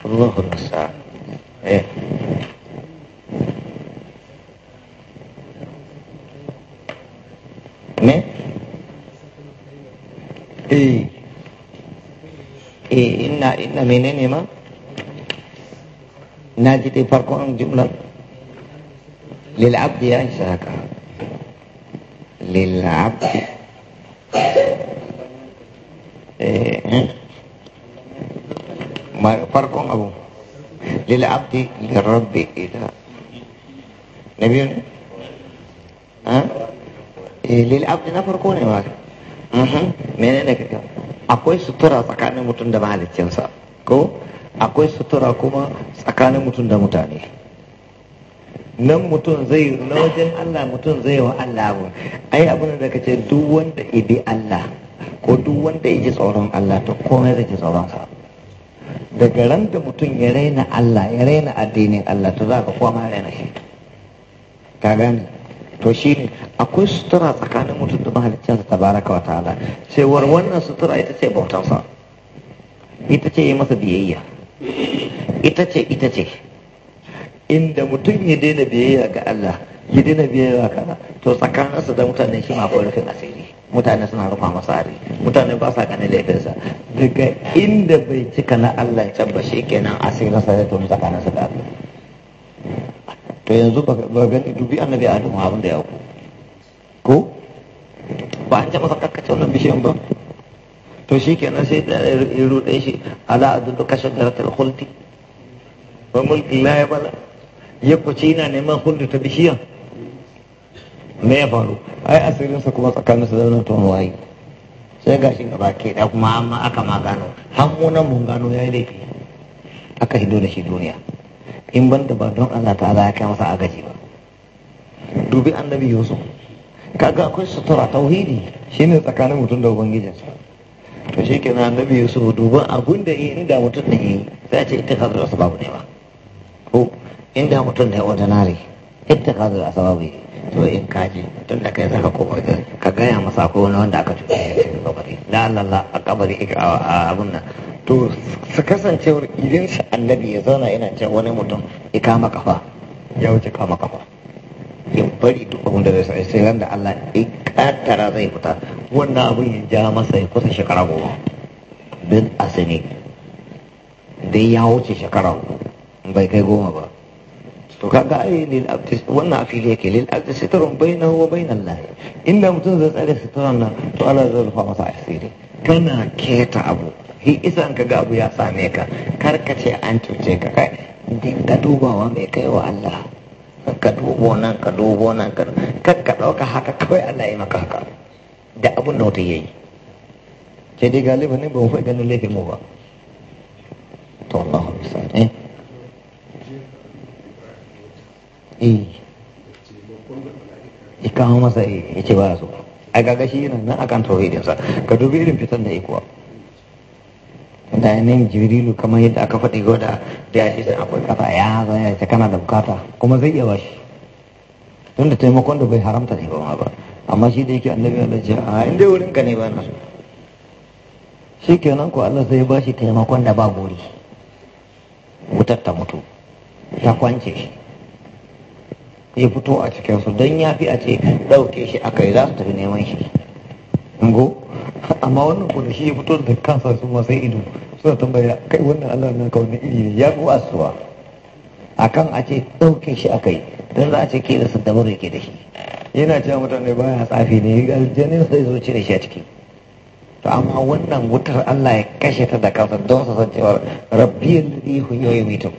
Allahu nasa eh ne eh eh inna inna menene ma na ji farkon jumlar lil abdi ya isa lil abdi eh farkon eh. abu lil abdi lil rabbi nabiyun ha eh, lil abdi na farko ne ma Mm-hmm. menene ka akwai sutura tsakanin mutum da mahaliccinsa ko akwai sutura kuma tsakanin mutum da mutane nan mutum zai na wajen Allah mutum zai wa Allah abu ai abin da kace duk wanda ibi Allah ko duk wanda ya tsoron Allah to komai zai ji tsoron sa daga ran da mutum ya raina Allah ya raina addinin Allah to za ka koma raina shi ka gane to ne akwai sutura tsakanin mutum da ta tabaraka wa ta'ala cewar wannan sutura ita ce bautansa ita ce yi masa biyayya ita ce ita ce inda mutum ya daina biyayya ga Allah ya daina biyayya ga to tsakaninsa da mutane shi ma rufin asiri mutane suna rufa masa ari mutane ba sa ganin laifinsa daga inda bai cika na Allah can ba shi kenan asirinsa zai tono tsakaninsa da Allah to yanzu ba ga dubi annabi adamu abin da ya ku ko ba an taɓa kakkace wannan bishiyan ba to shi kenan sai da iru ruɗe shi ala adullu kashe garatar khulti wa mulki la ya bala ya kuce yana neman khulti ta bishiyan me ya faru ai asirin sa kuma tsakanin su zaunar tuwon waye sai gashi gaba ke da kuma amma aka ma gano hannu nan mun gano yayi yi laifi aka hido da shi duniya in ban da ba don Allah ta'ala ya kai masa agaji ba dubi annabi yusuf kaga akwai sutura tauhidi shine tsakanin mutum da ubangijinsa to shi ke na annabi yusuf duba abun da yi inda mutum da yi sai ce ita kazar sababu ne ba ko inda mutum da ya ordinary ita kazar sababu ne to in kaji tun da kai zaka koma wajen ka gaya masa ko wani wanda aka cuta ya ce kabari la la la a kabari abun nan to su kasancewar idan shi annabi ya zauna yana can wani mutum ya kama kafa ya wuce kama kafa ya bari duk abin da zai sai sai ran da Allah ya katara zai fita wannan abin ya ja masa ya kusa shekara goma bin asini dai ya wuce shekara bai kai goma ba to kaga ai lil abdis wannan afili yake lil abdis sitarun bainahu wa bainal Allah inda mutum zai tsare sitran nan to Allah zai rufa masa asiri kana keta abu shi isa an kaga abu ya same ka kar ka ce an cuce ka kai dinga dubawa mai kai wa Allah ka dubo nan ka dubo nan ka kar ka ɗauka haka kawai Allah ya maka haka da abun da wata yayi ke dai galiba ne ba mu ganin laifin mu ba to Allah eh eh ikawo masa eh ya ce ba su a gagashi yana nan akan tauhidinsa ka dubi irin fitan da ikuwa da yanayin jibrilu kamar yadda aka faɗi goda da ya ce akwai kafa ya zaya ta kana da bukata kuma zai iya shi tun da taimakon da bai haramta ne ba ma ba amma shi da yake annabi Allah jiya. a inda wurin ka ne ba na shi kenan ko Allah sai shi taimakon da ba gori wutar ta mutu ta kwance shi ya fito a cikinsu don ya fi a ce ɗauke shi aka yi za su tafi neman shi amma wannan kuma shi ya fito da kansa su ma sai ido suna tambaya kai wannan Allah na ka iri ne ya go asuwa akan a ce ɗauke shi akai dan za a ce ke da su dabar yake da shi yana cewa mutane baya tsafi ne aljanin sai zo cire shi a ciki to amma wannan wutar Allah ya kashe ta da kansa don sa san cewa rabbi alladhi huwa yumitu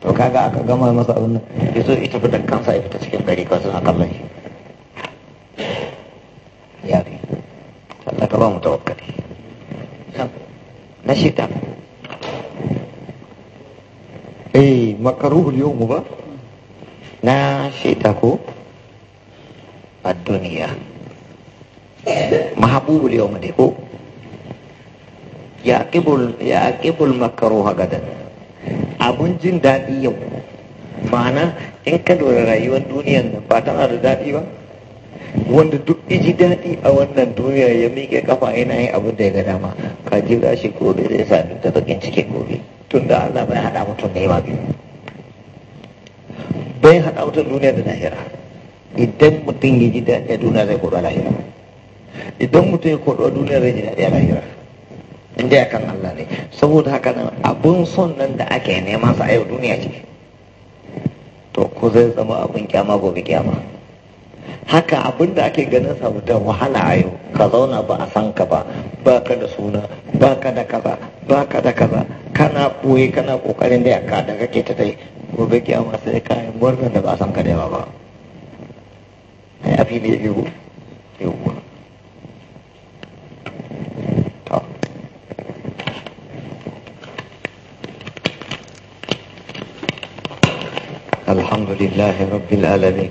to kaga aka gama masa abin nan yazo ita da kansa ya fita cikin gari kansu a kallon shi ya fi Allah ka ba mu tawakkali na shida eh makaruhul yawmu ba na shida ko a duniya mahabubul yawmu dai ko yaqibul yaqibul makruha gadan abun jin daɗi yau ma'ana in ka lura rayuwar duniyan ba ta na da daɗi ba wanda duk iji daɗi a wannan duniya ya miƙe kafa yana yin abin da ya ga dama ka jira shi gobe zai sami ta bakin cikin gobe tun da Allah bai haɗa mutum ne ma biyu bai haɗa mutum duniya da lahira idan mutum ya ji daɗi a duniya zai koɗo lahira idan mutum ya koɗo duniya zai ji daɗi a lahira inda akan Allah ne saboda haka nan abun son nan da ake neman sa a yau duniya ce to ko zai zama abin kyama gobe kyama haka abinda ake ganin sa mutum wahala a yau ka zauna ba a san ka ba ba ka da suna ba ka da kaza ba ka da kaza kana koyi kana kokarin da yaka da kake ta dai gobe kiyama sai kayan murnar da ba a san ka da yawa ba ai a fili الحمد لله رب العالمين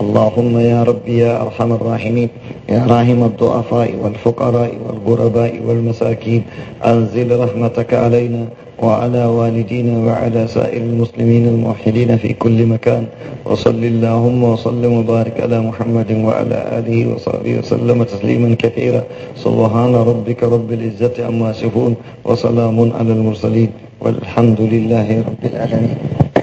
اللهم يا ربي يا أرحم الراحمين يا راحم الضعفاء والفقراء والغرباء والمساكين أنزل رحمتك علينا وعلى والدينا وعلى سائر المسلمين الموحدين في كل مكان وصل اللهم وصل وبارك على محمد وعلى آله وصحبه وسلم تسليما كثيرا سبحان ربك رب العزة عما يصفون وسلام على المرسلين والحمد لله رب العالمين